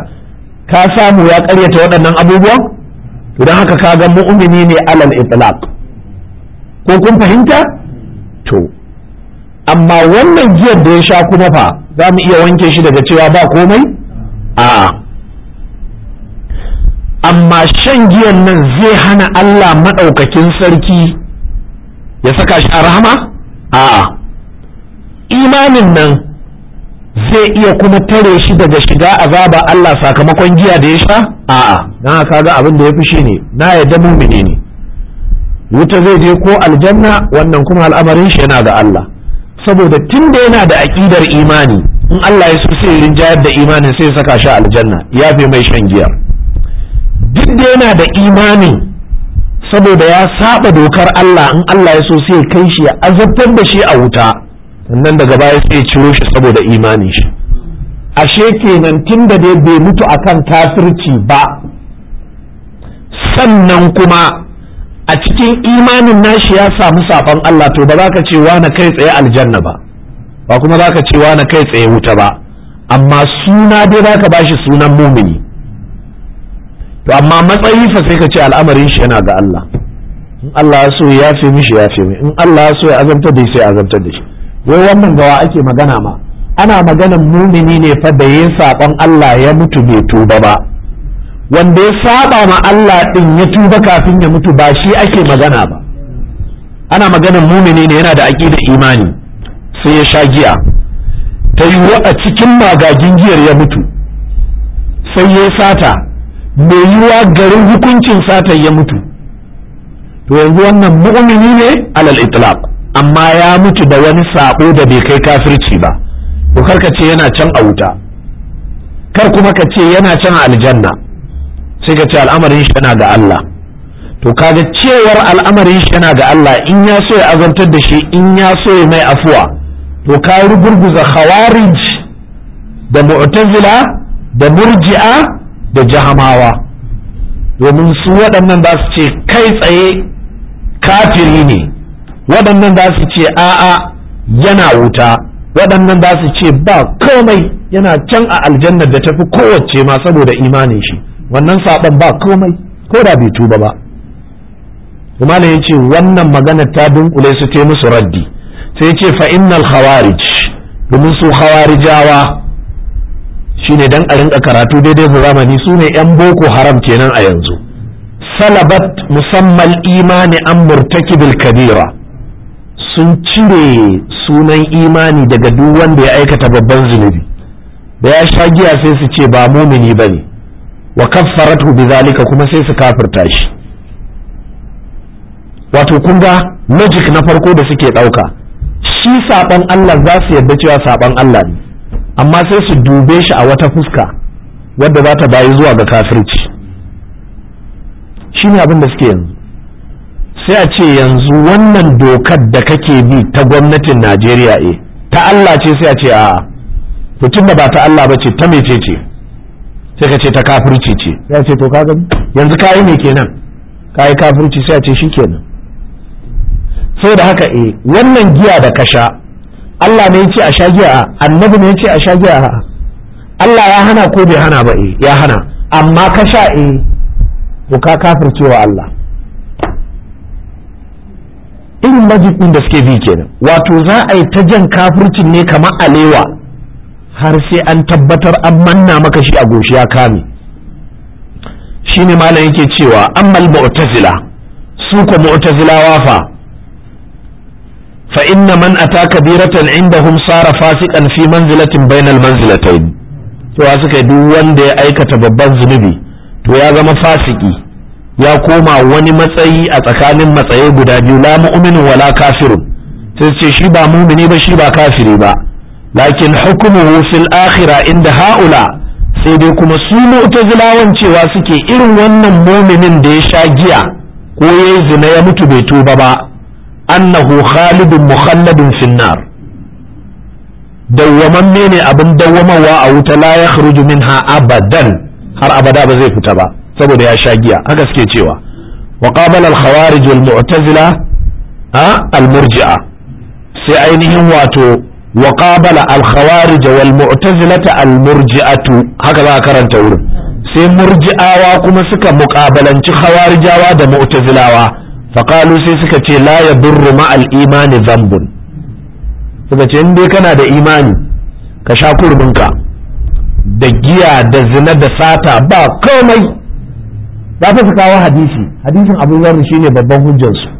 ka samu ya karyata waɗannan abubuwan to don haka ka ga mu'mini ne alal itlaq ko kun fahimta to amma wannan giyar da ya sha kuma fa za mu iya wanke shi daga cewa ba komai a amma shan giyan nan zai hana Allah maɗaukakin sarki ya saka shi a rahama a'a imanin nan zai iya kuma tare shi daga shiga azaba Allah sakamakon giya da ya sha a'a Na haka ga abin da ya fi ne. na yadda mu'mini ne wuta zai je ko aljanna wannan kuma al'amarin shi yana ga Allah saboda tun da yana da aƙidar imani in Allah ya so sai rinjayar da imanin sai ya saka shi aljanna ya fi mai shan giya duk da yana da imanin saboda ya saba dokar Allah in Allah ya so sai kai shi ya azabtar da shi a wuta sannan daga baya sai ya ciro shi saboda imani shi ashe kenan tun da dai bai mutu akan kafirci ba sannan kuma a cikin imanin nashi ya samu safan Allah to ba za ka ce wa na kai tsaye aljanna ba ba kuma za ka ce wa na kai tsaye wuta ba amma suna dai za ka ba shi sunan mumini to amma matsayi fa sai ka ce al'amarin shi yana ga Allah in Allah so ya fi mishi ya fi in Allah so ya azabtar da shi sai azabtar da shi wai wannan gawa ake magana ma ana maganan mumini ne fa da yin saƙon Allah ya mutu bai tuba ba wanda ya saba ma Allah din ya tuba kafin ya mutu ba shi ake magana ba ana maganan mumini ne yana da aqida imani sai ya sha giya ta yi a cikin magagin giyar ya mutu sai ya sata mai yiwuwa garin hukuncin sata ya mutu to yanzu wannan mu'mini ne alal itlaq amma ya mutu da wani sabo da bai kai kafirci ba to kar ka ce yana can a wuta kar kuma ka ce yana can a aljanna sai ka ce al'amarin shi yana ga Allah to kaga cewar al'amarin shi yana ga Allah in ya so ya azantar da shi in ya so ya mai afuwa to ka rugurguza khawarij da mu'tazila da murji'a da jahamawa domin su waɗannan za su ce kai tsaye kafiri ne waɗannan za su ce a'a yana wuta waɗannan za su ce ba komai yana can a aljannar da tafi kowace ma saboda imanin shi wannan saɓon ba komai ko da bai tuba ba kuma ya ce wannan magana ta dunkule su te musu raddi sai ce fa innal khawarij domin su khawarijawa shine dan a rinka karatu daidai da zamani su ne yan boko haram kenan a yanzu salabat musamman imani an murtakibil kabira sun cire sunan imani daga duk wanda ya aikata babban zunubi da ya sha giya sai su ce ba mumini ne. wa kaffaratu zalika kuma sai su kafirta shi wato kun ga logic na farko da suke ɗauka shi saɓon Allah za su yarda cewa saɓon Allah ne amma sai su dube shi a wata fuska wadda za ta bayi zuwa ga kafirci shi ne abin da suke yanzu sai a ce yanzu wannan dokar da kake bi ta gwamnatin najeriya e ta allah ce sai a ce a'a mutum da ba ta allah ba ce ta mece ce sai ka ce ta kafirci ce a ce to ka gani yanzu ka yi me kenan ka yi kafirci sai a ce shi kenan sau da haka e wannan giya da ka sha Allah ne yace a shagiya annabi ne yace a shagiya Allah ya hana ko bai hana ba eh ya hana amma ka sha eh ko ka kafircewa Allah irin majibin da suke bi kenan wato za a yi ta jan kafircin ne kamar alewa har sai an tabbatar an manna maka shi a goshi ya kame shine malam yake cewa ammal mu'tazila su ko mu'tazila fa fa inna man ata kabiratan indahum sara fasiqan fi manzilatin bainal to a suka duk wanda ya aikata babban zunubi to ya zama fasiki ya koma wani matsayi a tsakanin matsayi guda biyu la mu'minu wala kafiru sai ce shi ba mumini ba shi ba kafiri ba lakin hukumuhu fil akhira inda haula sai dai kuma su mu'tazilawan cewa suke irin wannan muminin da ya sha giya ko yayi zina ya mutu bai tuba ba annahu khalidun mukhalladun finnar dawwamamme ne abin dawwamawa a wuta la ya khruju minha abadan har abada ba zai fita ba saboda ya sha giya haka suke cewa wa qabala al khawarij wal mu'tazila ha al sai ainihin wato wa qabala al khawarij wal mu'tazilata al murji'atu haka za a karanta wurin sai murji'awa kuma suka muƙabalanci khawarijawa da mu'tazilawa faƙalu sai suka ce la ya burru ma'al imani zambun suka ce dai kana da imani ka sha kurbinka da giya da zina da sata ba komai za ta su kawo hadisi hadisin abu zarri shine babban hujjarsu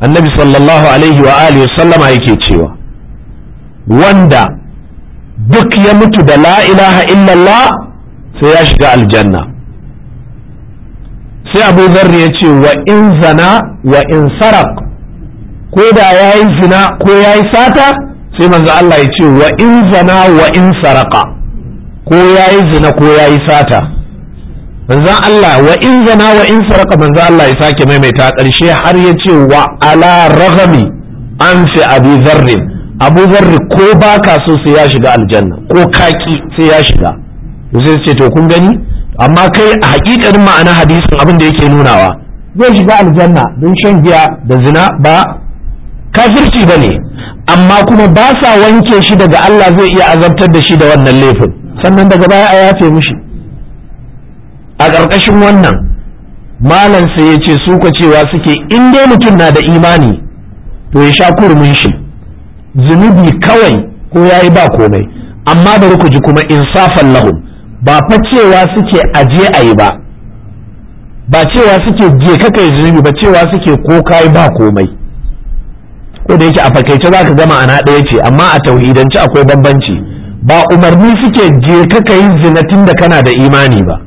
annabi sallallahu alaihi wa alihi sallama yake cewa wanda duk ya mutu da la ilaha illallah sai ya shiga aljanna sai abu zarri ya ce wa in zana wa in sarak ko da ya yi zina ko ya yi sata sai manzo Allah ya ce wa in zana wa in saraka ko ya yi zina ko ya yi sata manzo Allah wa in zana wa in saraka manzo Allah ya sake maimaita ƙarshe har ya ce wa ala ragami an fi abu zarri abu zarri ko baka so sai ya shiga aljanna ko kaki sai ya shiga sai ce to kun gani amma kai a hakikanin ma'ana hadisin abin da yake nunawa zai shiga aljanna don shan giya da zina ba kafirci ba ne amma kuma ba sa wanke shi daga Allah zai iya azabtar da shi da wannan laifin sannan daga baya a yafe mishi a ƙarƙashin wannan malam sai ya ce suka cewa suke in dai mutum na da imani to ya sha kurmin shi zunubi kawai ko yayi ba komai amma bari ku ji kuma insafan lahum ba fa cewa suke aje a yi ba ba cewa suke je ka kai zunubi ba cewa suke ko kai ba komai ko da yake a fakaice za ka gama ana ɗaya ce amma a tauhidance akwai bambanci ba umarni suke je ka kai zina tunda da kana da imani ba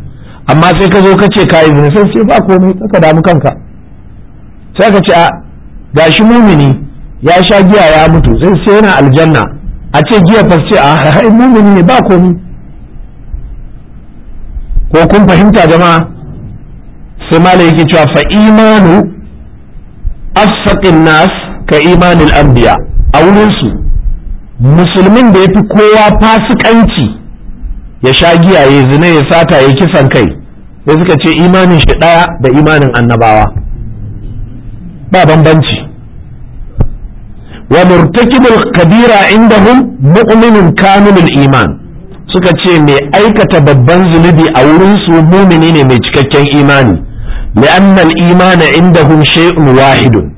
amma sai ka zo ka ce kai zina sai sai ba komai ka damu kanka sai ka ce a gashi mumini ya sha giya ya mutu sai sai yana aljanna a ce giya fa ce a mumini ne ba komai ko kun fahimta jama'a sai malai yake cewa fa imanu asfaqin nas ka imanil anbiya a wurin su musulmin da yafi kowa fasikanci ya sha giya ya zina ya sata ya kisan kai sai suka ce imanin shi daya da imanin annabawa ba bambanci wa murtakibul kabira indahum mu'minun kamilul iman suka ce mai aikata babban zunubi a wurin su mumini ne mai cikakken imani li'anna imana inda indahum shay'un wahidun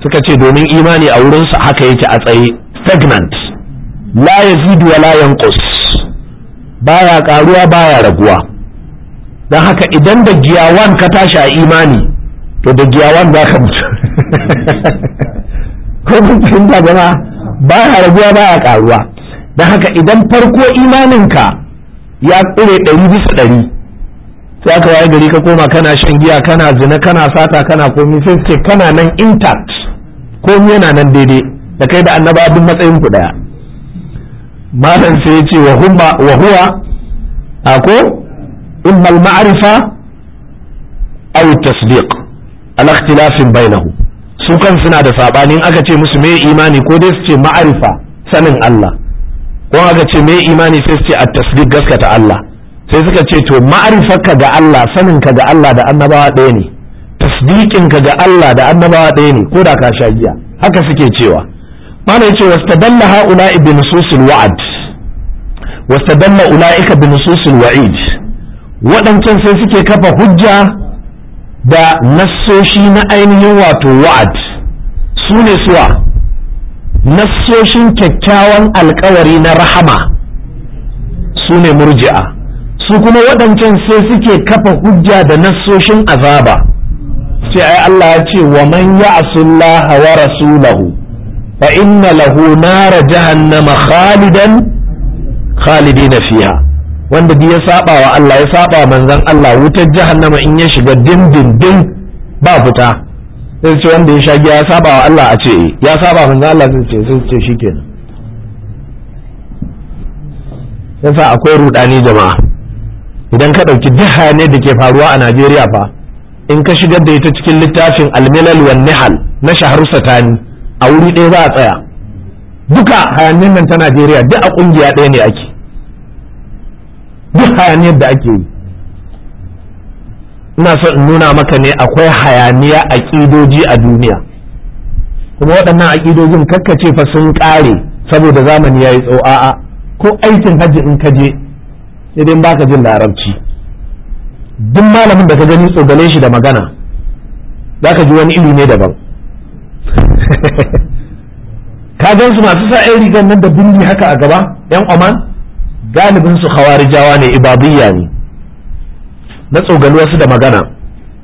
suka ce domin imani a wurin su haka yake a tsaye stagnant la yazidu wa la yanqus baya karuwa baya raguwa don haka idan da giyawan ka tashi a imani to da giyawan za ka mutu ko kun fahimta jama'a baya raguwa baya karuwa don haka idan farko imaninka ya tsire ɗari bisa ɗari sai aka waye gari ka koma kana shan giya kana zina kana sata kana komi sai ce kana nan intact komi yana nan daidai da kai da annaba duk matsayin ku daya malam sai ya ce wa huwa ako imma al-ma'rifa aw tasdiq al ikhtilafin bainahu su kan suna da sabanin aka ce musu me imani ko dai su ce ma'arifa sanin Allah ko aka ce me imani sai su ce at tasdiq ta Allah sai suka ce to ma'arifarka ga Allah saninka ga Allah da annabawa ɗaya ne tasdiqinka ga Allah da annabawa ɗaya ne ko da ka sha giya haka suke cewa malai ce wastadalla haula'i bi nususil wa'd wastadalla ula'ika bi nususil wa'id waɗancan sai suke kafa hujja da nassoshi na ainihin wato wa'ad su ne suwa nassoshin kyakkyawan alkawari na rahama su ne murji'a su kuma waɗancan sai suke kafa hujja da nassoshin azaba sai ai Allah ya ce wa man ya'sullaha wa rasulahu fa inna lahu nara jahannama khalidan khalidina fiha wanda bi ya saba wa Allah ya saba manzon Allah wutar jahannama in ya shiga dindindin ba fita sai ce wanda ya sha giya ya saba wa Allah a ce ya saba manzo Allah zai ce sai ce shikenan yasa akwai rudani jama'a idan ka dauki duk hayaniyar da ke faruwa a Najeriya fa in ka shigar da ita cikin littafin al-milal wan nihal na shahru satani a wuri ɗaya ba a tsaya duka hayaniyar nan ta Najeriya duk a kungiya ɗaya ne ake duk hayaniyar da ake yi ina so in nuna maka ne akwai hayaniya a kidoji a duniya kuma waɗannan a aƙidojin kakkace fa sun ƙare saboda zamani ya yi tsawo a ko aikin hajji in ka je sai dai baka jin larabci duk malamin da ka gani tsogale shi da magana za ka ji wani iri ne daban ka gan su masu sa yan nan da bindi haka a gaba yan oman galibin su khawarijawa ne ibabiyya ne na tsogalu wasu da magana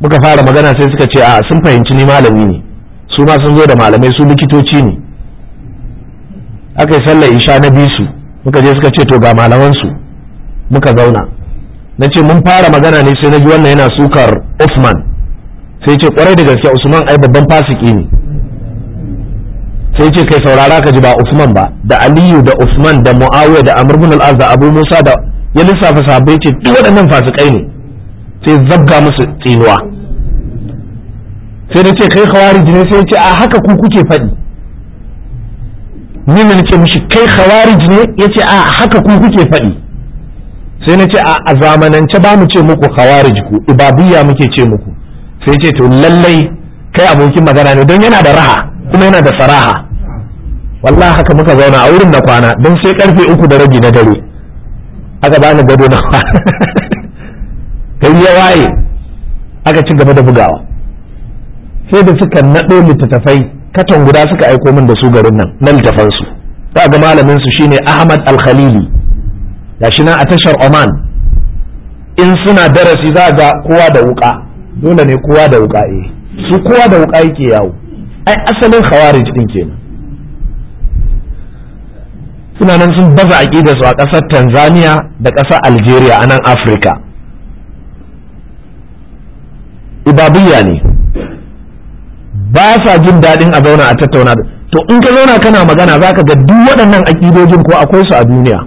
muka fara magana sai suka ce a sun fahimci ni malami ne su ma sun zo da malamai su likitoci ne aka yi sallar isha na su muka je suka ce to ga malamansu muka zauna na ce mun fara magana ne sai na ji wannan yana sukar Usman sai ce kwarai da gaske Usman ai babban fasiki ne sai ce kai saurara ka ji ba Usman ba da Aliyu da Usman da Muawiya da Amr ibn da Abu Musa da ya lissafa sahabbai ce duk waɗannan fasikai ne sai zabga musu tsinuwa sai da ce kai khawarij ne sai ce a haka ku kuke faɗi ni na ce mishi kai khawarij ne yace a haka ku kuke faɗi sai na ce a zamanance ba mu ce muku khawarij ku ibabiyya muke ce muku sai ce to lallai kai abokin magana ne don yana da raha kuma yana da saraha wallahi haka muka zauna a wurin na kwana don sai karfe uku da rabi na dare aka bani gado na gari ya waye aka ci gaba da bugawa sai da suka naɗo littattafai katon guda suka aiko min da su garin nan na littafansu ta ga malamin su shine Ahmad Al-Khalili gashi a tashar Oman in suna darasi za ga kowa da wuka dole ne kowa da wuka eh su kowa da wuka yake yawo ai asalin khawarij din kenan suna nan sun baza aqidar su a ƙasar Tanzania da ƙasar Algeria a nan Afirka ibabiyya ne ba sa jin daɗin a zauna a tattauna to in ka zauna kana magana zaka ga duk waɗannan aƙidojin ko akwai su a duniya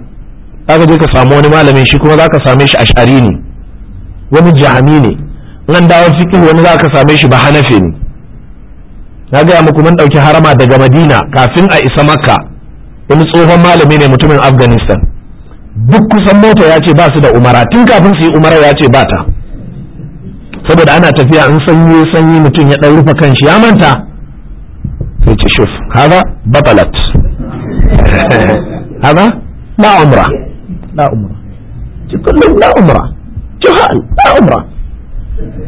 za je ka samu wani malamin shi kuma zaka same shi ashari ne wani jahami ne nan dawo fiƙin wani za ka same shi ba hanafe ne na gaya muku mun ɗauki harama daga madina kafin a isa makka wani tsohon malami ne mutumin afghanistan duk kusan mota ya ce ba su da umara tun kafin su yi umara ya ce ba ta saboda ana tafiya an sanyi sanyi mutum ya ɗan rufe shi ya manta sai ce shuf haza batalat haza la umra la umra ci kullum la umra juhal la umra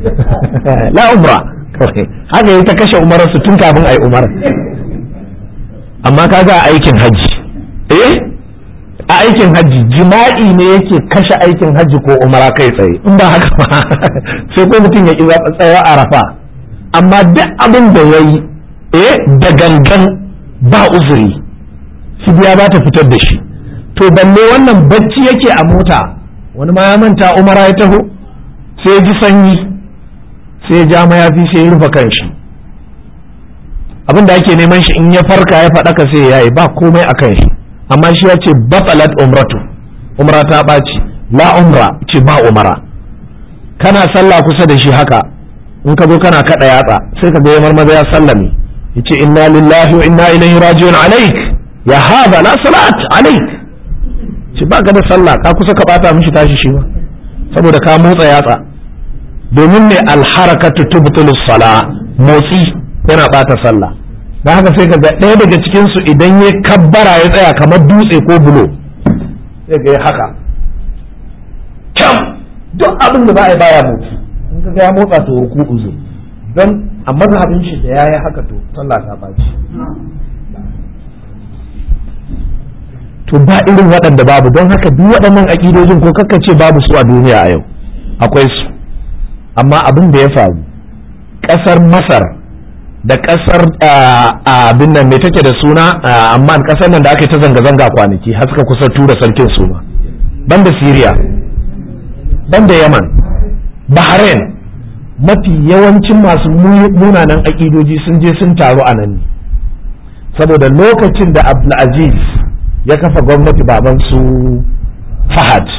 la umra haka yi ta kashe umararsu tun kafin a yi umarar amma kaga aikin hajji eh a aikin hajji jima'i ne yake kashe aikin hajji ko umara kai tsaye in ba haka ba sai ko mutum ya kira tsayawa a rafa amma duk abin da ya yi eh da gangan ba uzuri biya ba ta fitar da shi to balle wannan bacci yake a mota wani ma ya manta umara ya taho sai ya ji sanyi sai ya ja mayafi sai ya rufe kanshi abin da ake neman shi in ya farka ya faɗaka sai ya yi ba komai a kanshi amma shi ya ce bafalat umratu umra ta ɓaci la umra ce ba umara kana sallah kusa da shi haka in ka zo kana kaɗa yatsa sai ka ga yamar marmaza ya sallame ya ce inna lillahi wa inna ilaihi raji'un alaik ya haza la salat alaik ce ba ka da sallah ka kusa ka bata mishi tashi shi ba saboda ka motsa yatsa domin ne alharakatu tubtulu sala motsi yana ɓata sallah da haka sai kaga ɗaya daga cikinsu idan ya kabbara ya tsaya kamar dutse ko bulo sai ga haka kyam duk abin da ba a yi baya motsi in ka ya motsa to ruku uzu don a mazhabin shi da yayi haka to sallah ta baci to ba irin waɗanda babu don haka duk waɗannan aƙidojin ko ce babu su a duniya a yau akwai su amma abin da ya faru ƙasar masar da kasar abin nan mai take da suna amma kasar nan da aka yi ta zanga-zanga kwanaki har suka kusa tura sarkin suma ban da syria ban da yaman bahrain mafi yawancin masu munanan aƙidoji sun je sun taru a nan saboda lokacin da abdulaziz ya kafa gwamnati baban su fahad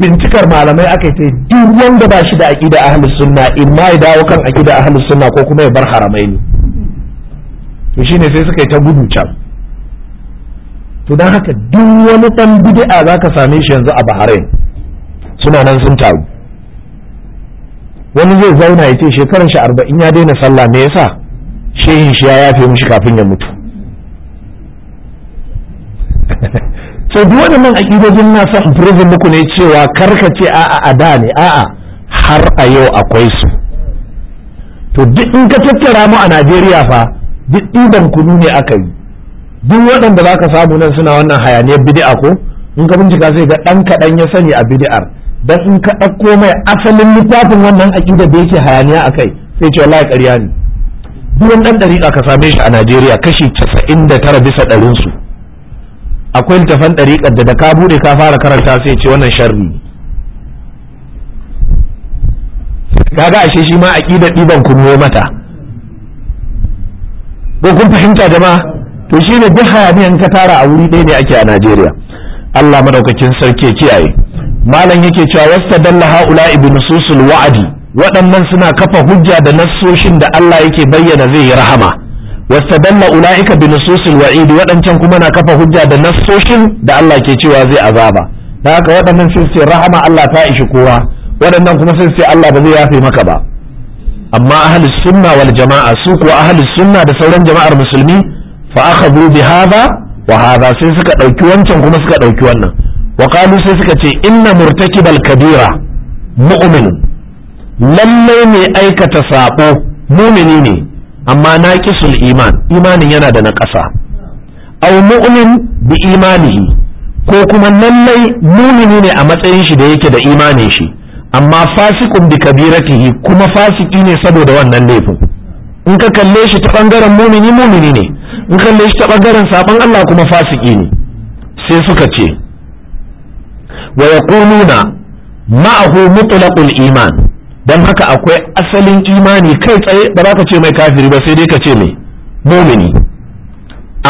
bincikar malamai aka ce duk wanda ba shi da aqida ahlus sunna in ma ya dawo kan aqida ahlus sunna ko kuma ya bar haramai ne. to shine sai suka yi ta gudu can to dan haka duk wani dan bid'a zaka same shi yanzu a Bahrain suna nan sun taru wani zai zauna ya ce shekaran shi arba'in ya daina sallah me yasa shehin shi ya yafe mishi kafin ya mutu so duk waɗannan aƙidojin na sa prison muku ne cewa ce a'a a da ne a'a har a yau akwai su to duk in ka tattara mu a Najeriya fa duk ɗiban kunu ne aka yi duk waɗanda za ka samu nan suna wannan hayaniyar bidi'a ko in ka bincika sai ga ɗan kaɗan ya sani a bidi'ar dan in ka ɗauko mai asalin littafin wannan aƙida da yake hayaniya a kai sai ce wallahi ƙarya ne duk wani ɗan ɗari ka same shi a Najeriya kashi casa'in da tara bisa ɗarinsu akwai littafan ɗariƙar da da ka bude ka fara karanta sai ce wannan sharri kaga ashe shi ma aqidar ɗiban kunno mata ko kun fahimta jama'a to shi ne duk hayaniyan ka tara a wuri ɗaya ne ake a Najeriya Allah madaukakin sarki kiyaye malam yake cewa dalla haula ibn susul wa'adi waɗannan suna kafa hujja da nassoshin da Allah yake bayyana zai yi rahama wastadalla ulaika bi nususil wa'id waɗancan kuma na kafa hujja da nasoshin da Allah ke cewa zai azaba da haka waɗannan sun ce rahama Allah ta ishi kowa waɗannan kuma sun ce Allah ba zai yafe maka ba amma ahlus sunna wal jama'a su ko ahlus sunna da sauran jama'ar musulmi fa akhadhu bi hadha wa hadha sai suka dauki wancan kuma suka dauki wannan wa qalu sai suka ce inna murtakibal kabira mu'min lallai mai aikata sabo mumini ne amma na kisul iman imanin yana da naƙasa au mu'min bi imanihi ko kuma lallai mumini ne a matsayin shi da yake da imanin shi amma fasikun bi kabiratihi kuma fasiki ne saboda wannan laifin in ka kalle shi ta bangaren mumini mumini ne in kalle shi ta bangaren saban Allah kuma fasiki ne sai suka ce wa yaquluna ma'ahu mutlaqul iman don haka akwai asalin imani kai tsaye ba za ka ce mai kafiri ba sai dai ka ce mai mumini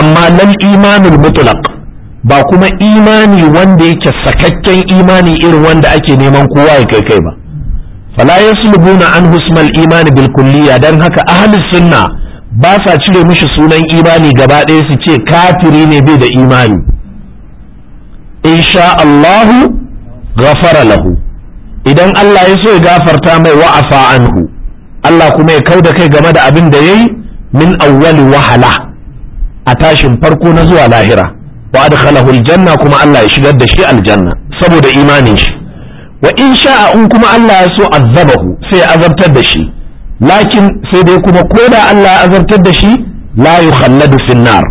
amma lal imanin mutlaq ba kuma imani wanda yake sakakken imani irin wanda ake neman kowa ya kai kai ba fala yaslubuna an husmal imani bil kulliya dan haka ahlus sunna ba sa cire mishi sunan imani gaba ɗaya su ce kafiri ne bai da imani insha Allahu ghafara lahu idan Allah ya so ya gafarta mai wa'afa anhu Allah kuma ya kau da kai game da abin da ya yi min awwali wahala a tashin farko na zuwa lahira wa adkhalahu aljanna kuma Allah ya shigar da shi aljanna saboda imanin shi wa in sha'a in kuma Allah ya so azabahu sai ya azabtar da shi lakin sai dai kuma ko da Allah ya azabtar da shi la yukhalladu fin nar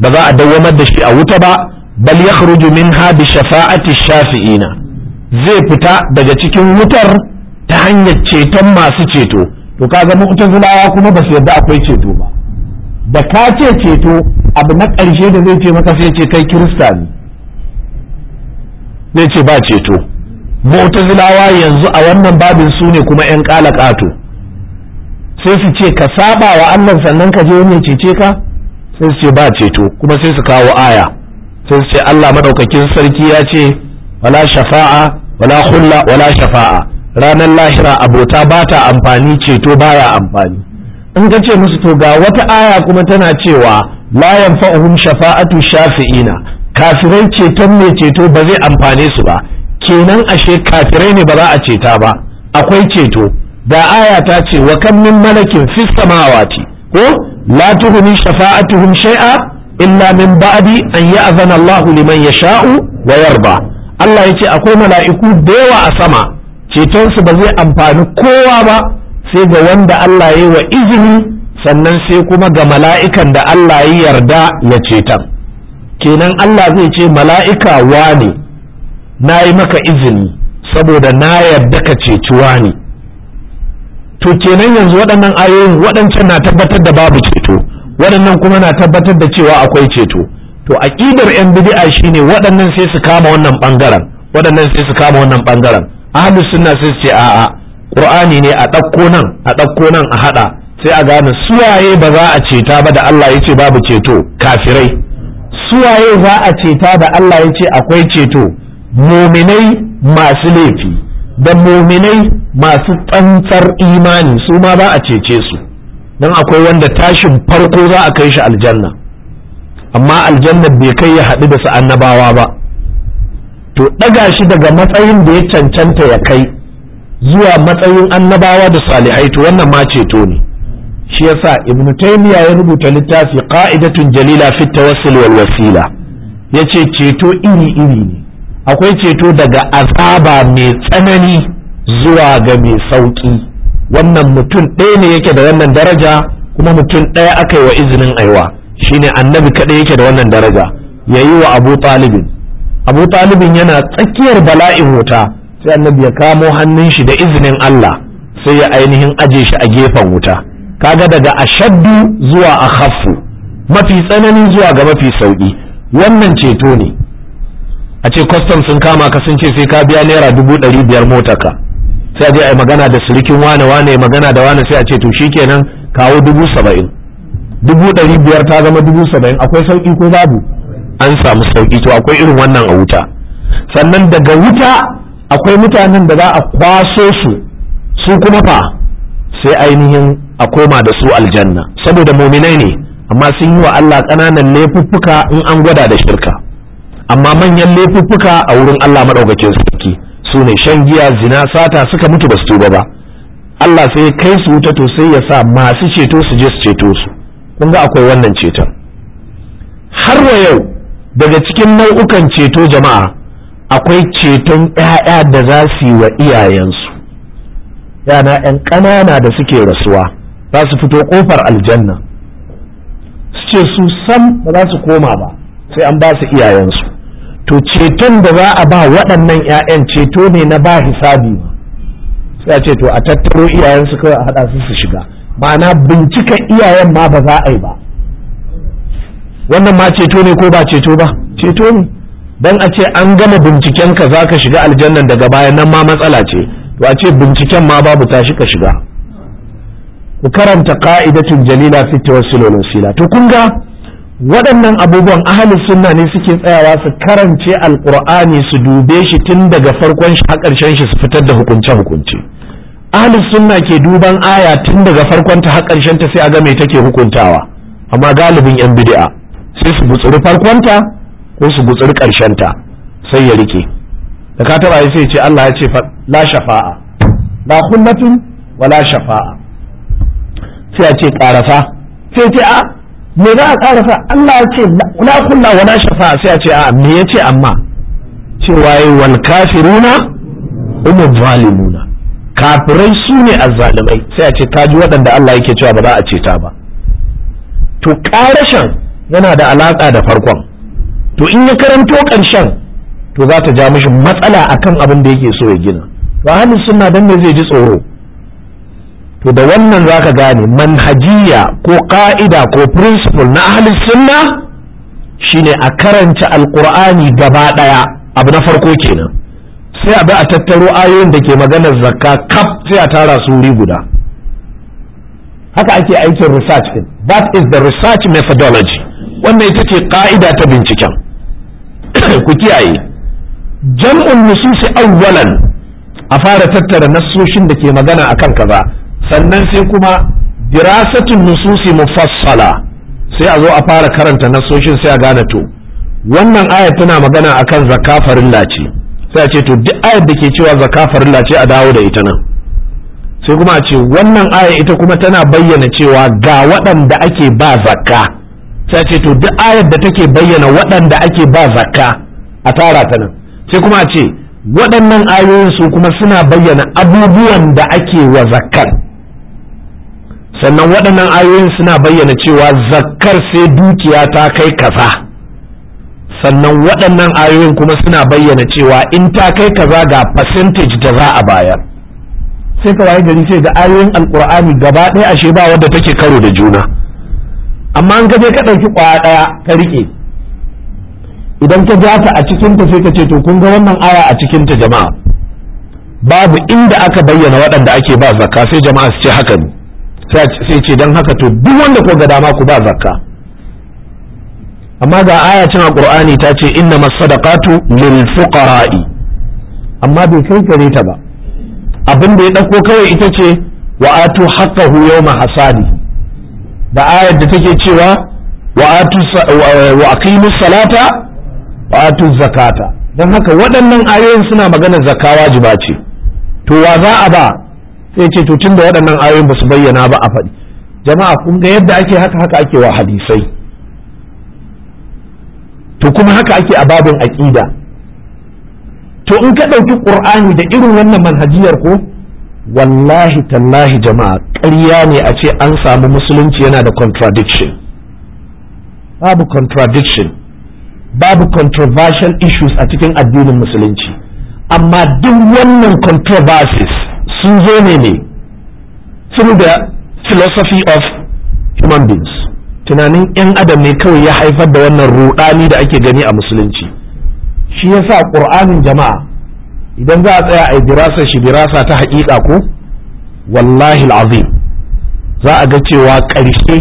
ba za a dawwamar da shi a wuta ba bal yakhruju minha bi shafa'ati shafi'ina zai fita daga cikin wutar ta hanyar ceton masu ceto to kaga mu'tazilawa kuma ba su yarda akwai ceto ba da ka ce ceto abu na ƙarshe da zai ce maka sai ce kai kirista ne zai ce ba ceto mu'tazilawa yanzu a wannan babin su ne kuma 'yan ƙato sai su ce ka saba wa Allah sannan ka je wani cece ka sai su ce ba ceto kuma sai su kawo aya sai su ce Allah madaukakin sarki ya ce wala shafa'a wala hulla wala shafa'a ranar lahira abota ba ta amfani ceto baya amfani in ka ce musu to ga wata aya kuma tana cewa la yanfa'uhum shafa'atu shafi'ina kafirai ceton mai ceto ba zai amfane su ba kenan ashe kafirai ne ba za a ceta ba akwai ceto da aya ta ce wa kam min malakin fis samawati ko la tuhuni shafa'atuhum shay'a illa min ba'di an ya'zana Allahu liman yasha'u wa yarda Allah ya ce akwai mala'iku da yawa a sama cetonsu ba zai amfani kowa ba sai ga wanda Allah ya yi wa izini sannan sai kuma ga mala'ikan da Allah ya yarda ya ceton kenan Allah zai ce mala'ika wane na yi maka izini saboda na yarda ka ceci wane to kenan yanzu waɗannan ayoyin waɗancan na tabbatar da babu ceto waɗannan kuma na tabbatar da cewa akwai ceto to aqidar yan bid'a shine waɗannan sai su kama wannan bangaren waɗannan sai su kama wannan bangaren ahlus sunna sai su ce a'a qur'ani ne a ɗauko nan a ɗauko nan a hada sai a gane suwaye ba za a ceta ba da Allah yace babu ceto kafirai suwaye za a ceta da Allah yace akwai ceto muminai masu laifi da muminai masu tsantsar imani su ma ba a cece su don akwai wanda tashin farko za a kai shi aljanna amma aljanna bai kai ya haɗu da su annabawa ba to ɗaga shi daga matsayin da ya cancanta ya kai zuwa matsayin annabawa da salihai to wannan ma ceto ne shi yasa ibnu taymiya ya rubuta littafi qa'idatun jalila fi tawassul wal wasila yace ceto iri iri ne akwai ceto daga azaba mai tsanani zuwa ga mai sauki wannan mutum ɗaya ne yake da wannan daraja kuma mutum ɗaya aka yi wa izinin aiwa shine annabi kaɗai yake da wannan daraja ya yi wa abu talibin abu talibin yana tsakiyar bala'in wuta sai annabi ya kamo hannun shi da izinin Allah sai ya ainihin aje shi a gefen wuta kaga daga ashaddu zuwa a akhaffu mafi tsanani zuwa ga mafi sauki wannan ceto ne a ce kwastam sun kama ka sun ce sai ka biya naira dubu ɗari biyar motarka sai a je a yi magana da sirikin wane wane magana da wane sai a ce to shikenan kawo dubu saba'in dubu ɗari biyar ta zama dubu saba'in akwai sauƙi ko babu an samu sauƙi to akwai irin wannan a wuta sannan daga wuta akwai mutanen da za a kwaso su su kuma fa sai ainihin a koma da su aljanna saboda mominai ne amma sun yi wa Allah ƙananan laifuffuka in an gwada da shirka amma manyan laifuffuka a wurin Allah maɗaukakin sarki su ne shan giya zina sata suka mutu ba su tuba ba Allah sai kai su wuta to sai ya sa masu ceto su je su ceto su kun ga akwai wannan ceton har wa yau daga cikin nau'ukan ceto jama'a akwai ceton 'ya'ya da za su yi wa iyayensu yana 'yan ƙanana da suke rasuwa za su fito ƙofar aljanna su ce su san ba za su koma ba sai an ba su iyayensu to ceton da za a ba waɗannan 'ya'yan ceto ne na ba hisabi ba sai a ce to a tattaro iyayensu kawai a haɗa su su shiga ma'ana bincika iyayen ma ba za a yi ba wannan ma ceto ne ko ba ceto ba ceto ne don a ce an gama binciken ka za ka shiga aljannan daga bayan nan ma matsala ce to a ce binciken ma babu tashi ka shiga ku karanta ka'idatin jalila fi tawassul sila to kun ga waɗannan abubuwan ahalin sunna ne suke tsayawa su karance alqur'ani su dube shi tun daga farkon shi har ƙarshen shi su fitar da hukunce hukunce ahlus sunna ke duban aya tun daga farkon ta har ƙarshen ta sai a ga me take hukuntawa amma galibin yan bid'a sai su gutsuri farkon ta ko su gutsuri ƙarshen ta sai ya rike da ka taba sai ce Allah ya ce la shafa'a la kullatin wala shafa'a sai a ce ƙarafa sai ce a ah, me za a ƙarafa Allah ya ce la kullu wala shafa'a sai a ce a ah, me ya ce amma cewa wal kafiruna umul zalimuna kafirai su ne azzalimai sai a ce ji waɗanda Allah yake cewa ba za a ceta ba to ƙarashen yana da alaƙa da farkon to in ya karanto ƙarshen to za ta ja mishi matsala akan abin da yake so ya gina to hannun sunna dan ne zai ji tsoro to da wannan za ka gane manhajiya ko ƙa'ida ko principle na ahlus sunna shine a karanta Alƙur'ani gaba ɗaya abu na farko kenan sai a bi a tattaro ayoyin da ke maganar zakka kaf sai a tara su wuri guda haka ake aikin research din that is the research methodology wannan ita ce ka'ida ta binciken ku kiyaye jam'un nususi awwalan a fara tattara nasoshin da ke magana akan kaza sannan sai kuma dirasatun nususi mufassala sai a zo a fara karanta nasoshin sai a gane to wannan aya tana magana akan zakka farilla sai a ce to duk ayar da ke cewa zaka farilla ce a dawo da ita nan sai kuma a ce wannan aya ita kuma tana bayyana cewa ga waɗanda ake ba zakka sai a ce to duk ayar da take bayyana waɗanda ake ba zakka a tara ta nan sai kuma a ce waɗannan ayoyin su kuma suna bayyana abubuwan da ake wa zakkar sannan waɗannan ayoyin suna bayyana cewa zakkar sai dukiya ta kai kaza sannan waɗannan ayoyin kuma suna bayyana cewa in ta kai kaza ga percentage da za a bayar sai ka waye gari sai da ayoyin alkur'ani gaba ɗaya ashe ba wadda take karo da juna amma an gaje ka ɗauki ƙwaya ɗaya ka riƙe idan ka ja ta a cikin ta sai ka ce to kun ga wannan aya a cikin ta jama'a babu inda aka bayyana waɗanda ake ba zakka sai jama'a su ce haka sai ce don haka to duk wanda ko ga dama ku ba zakka amma ga ayacin a ƙur'ani ta ce inna masadaqatu lil fuqara'i amma bai kai gare ta ba abin da ya ɗauko kawai ita ce wa atu haqqahu yawma hasadi da ayar da take cewa wa atu wa aqimu salata wa atu zakata dan haka waɗannan ayoyin suna magana zakka wajiba ce to wa za a ba sai ce to tunda waɗannan ayoyin ba su bayyana ba a faɗi jama'a kun ga yadda ake haka haka ake wa hadisai to kuma haka ake a babin aƙida to in ka ɗauki ƙur'ani da irin wannan manhajiyar ko wallahi tallahi jama'a ƙarya ne a ce an samu musulunci yana da contradiction babu contradiction babu controversial issues a cikin addinin musulunci amma duk wannan controversies sun zo ne ne through the philosophy of human beings tunanin 'yan adam ne kawai ya haifar da wannan ruɗani da ake gani a musulunci shi yasa ƙur'anin jama'a idan za a tsaya a dirasa shi dirasa ta haƙiƙa ko wallahi azim za a ga cewa ƙarshe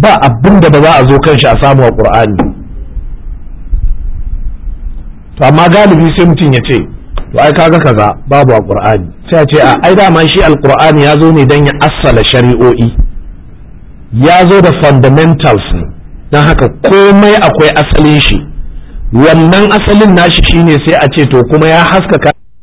ba abin da ba za a zo kan shi a samu a ƙur'ani to amma galibi sai mutum ya ce to ai kaga kaza babu a ƙur'ani sai a ce a ai dama shi alƙur'ani ya zo ne don ya assala shari'o'i ya zo da fundamentals ne don haka komai akwai asalin shi wannan asalin nashi shine sai a ce to kuma ya haskaka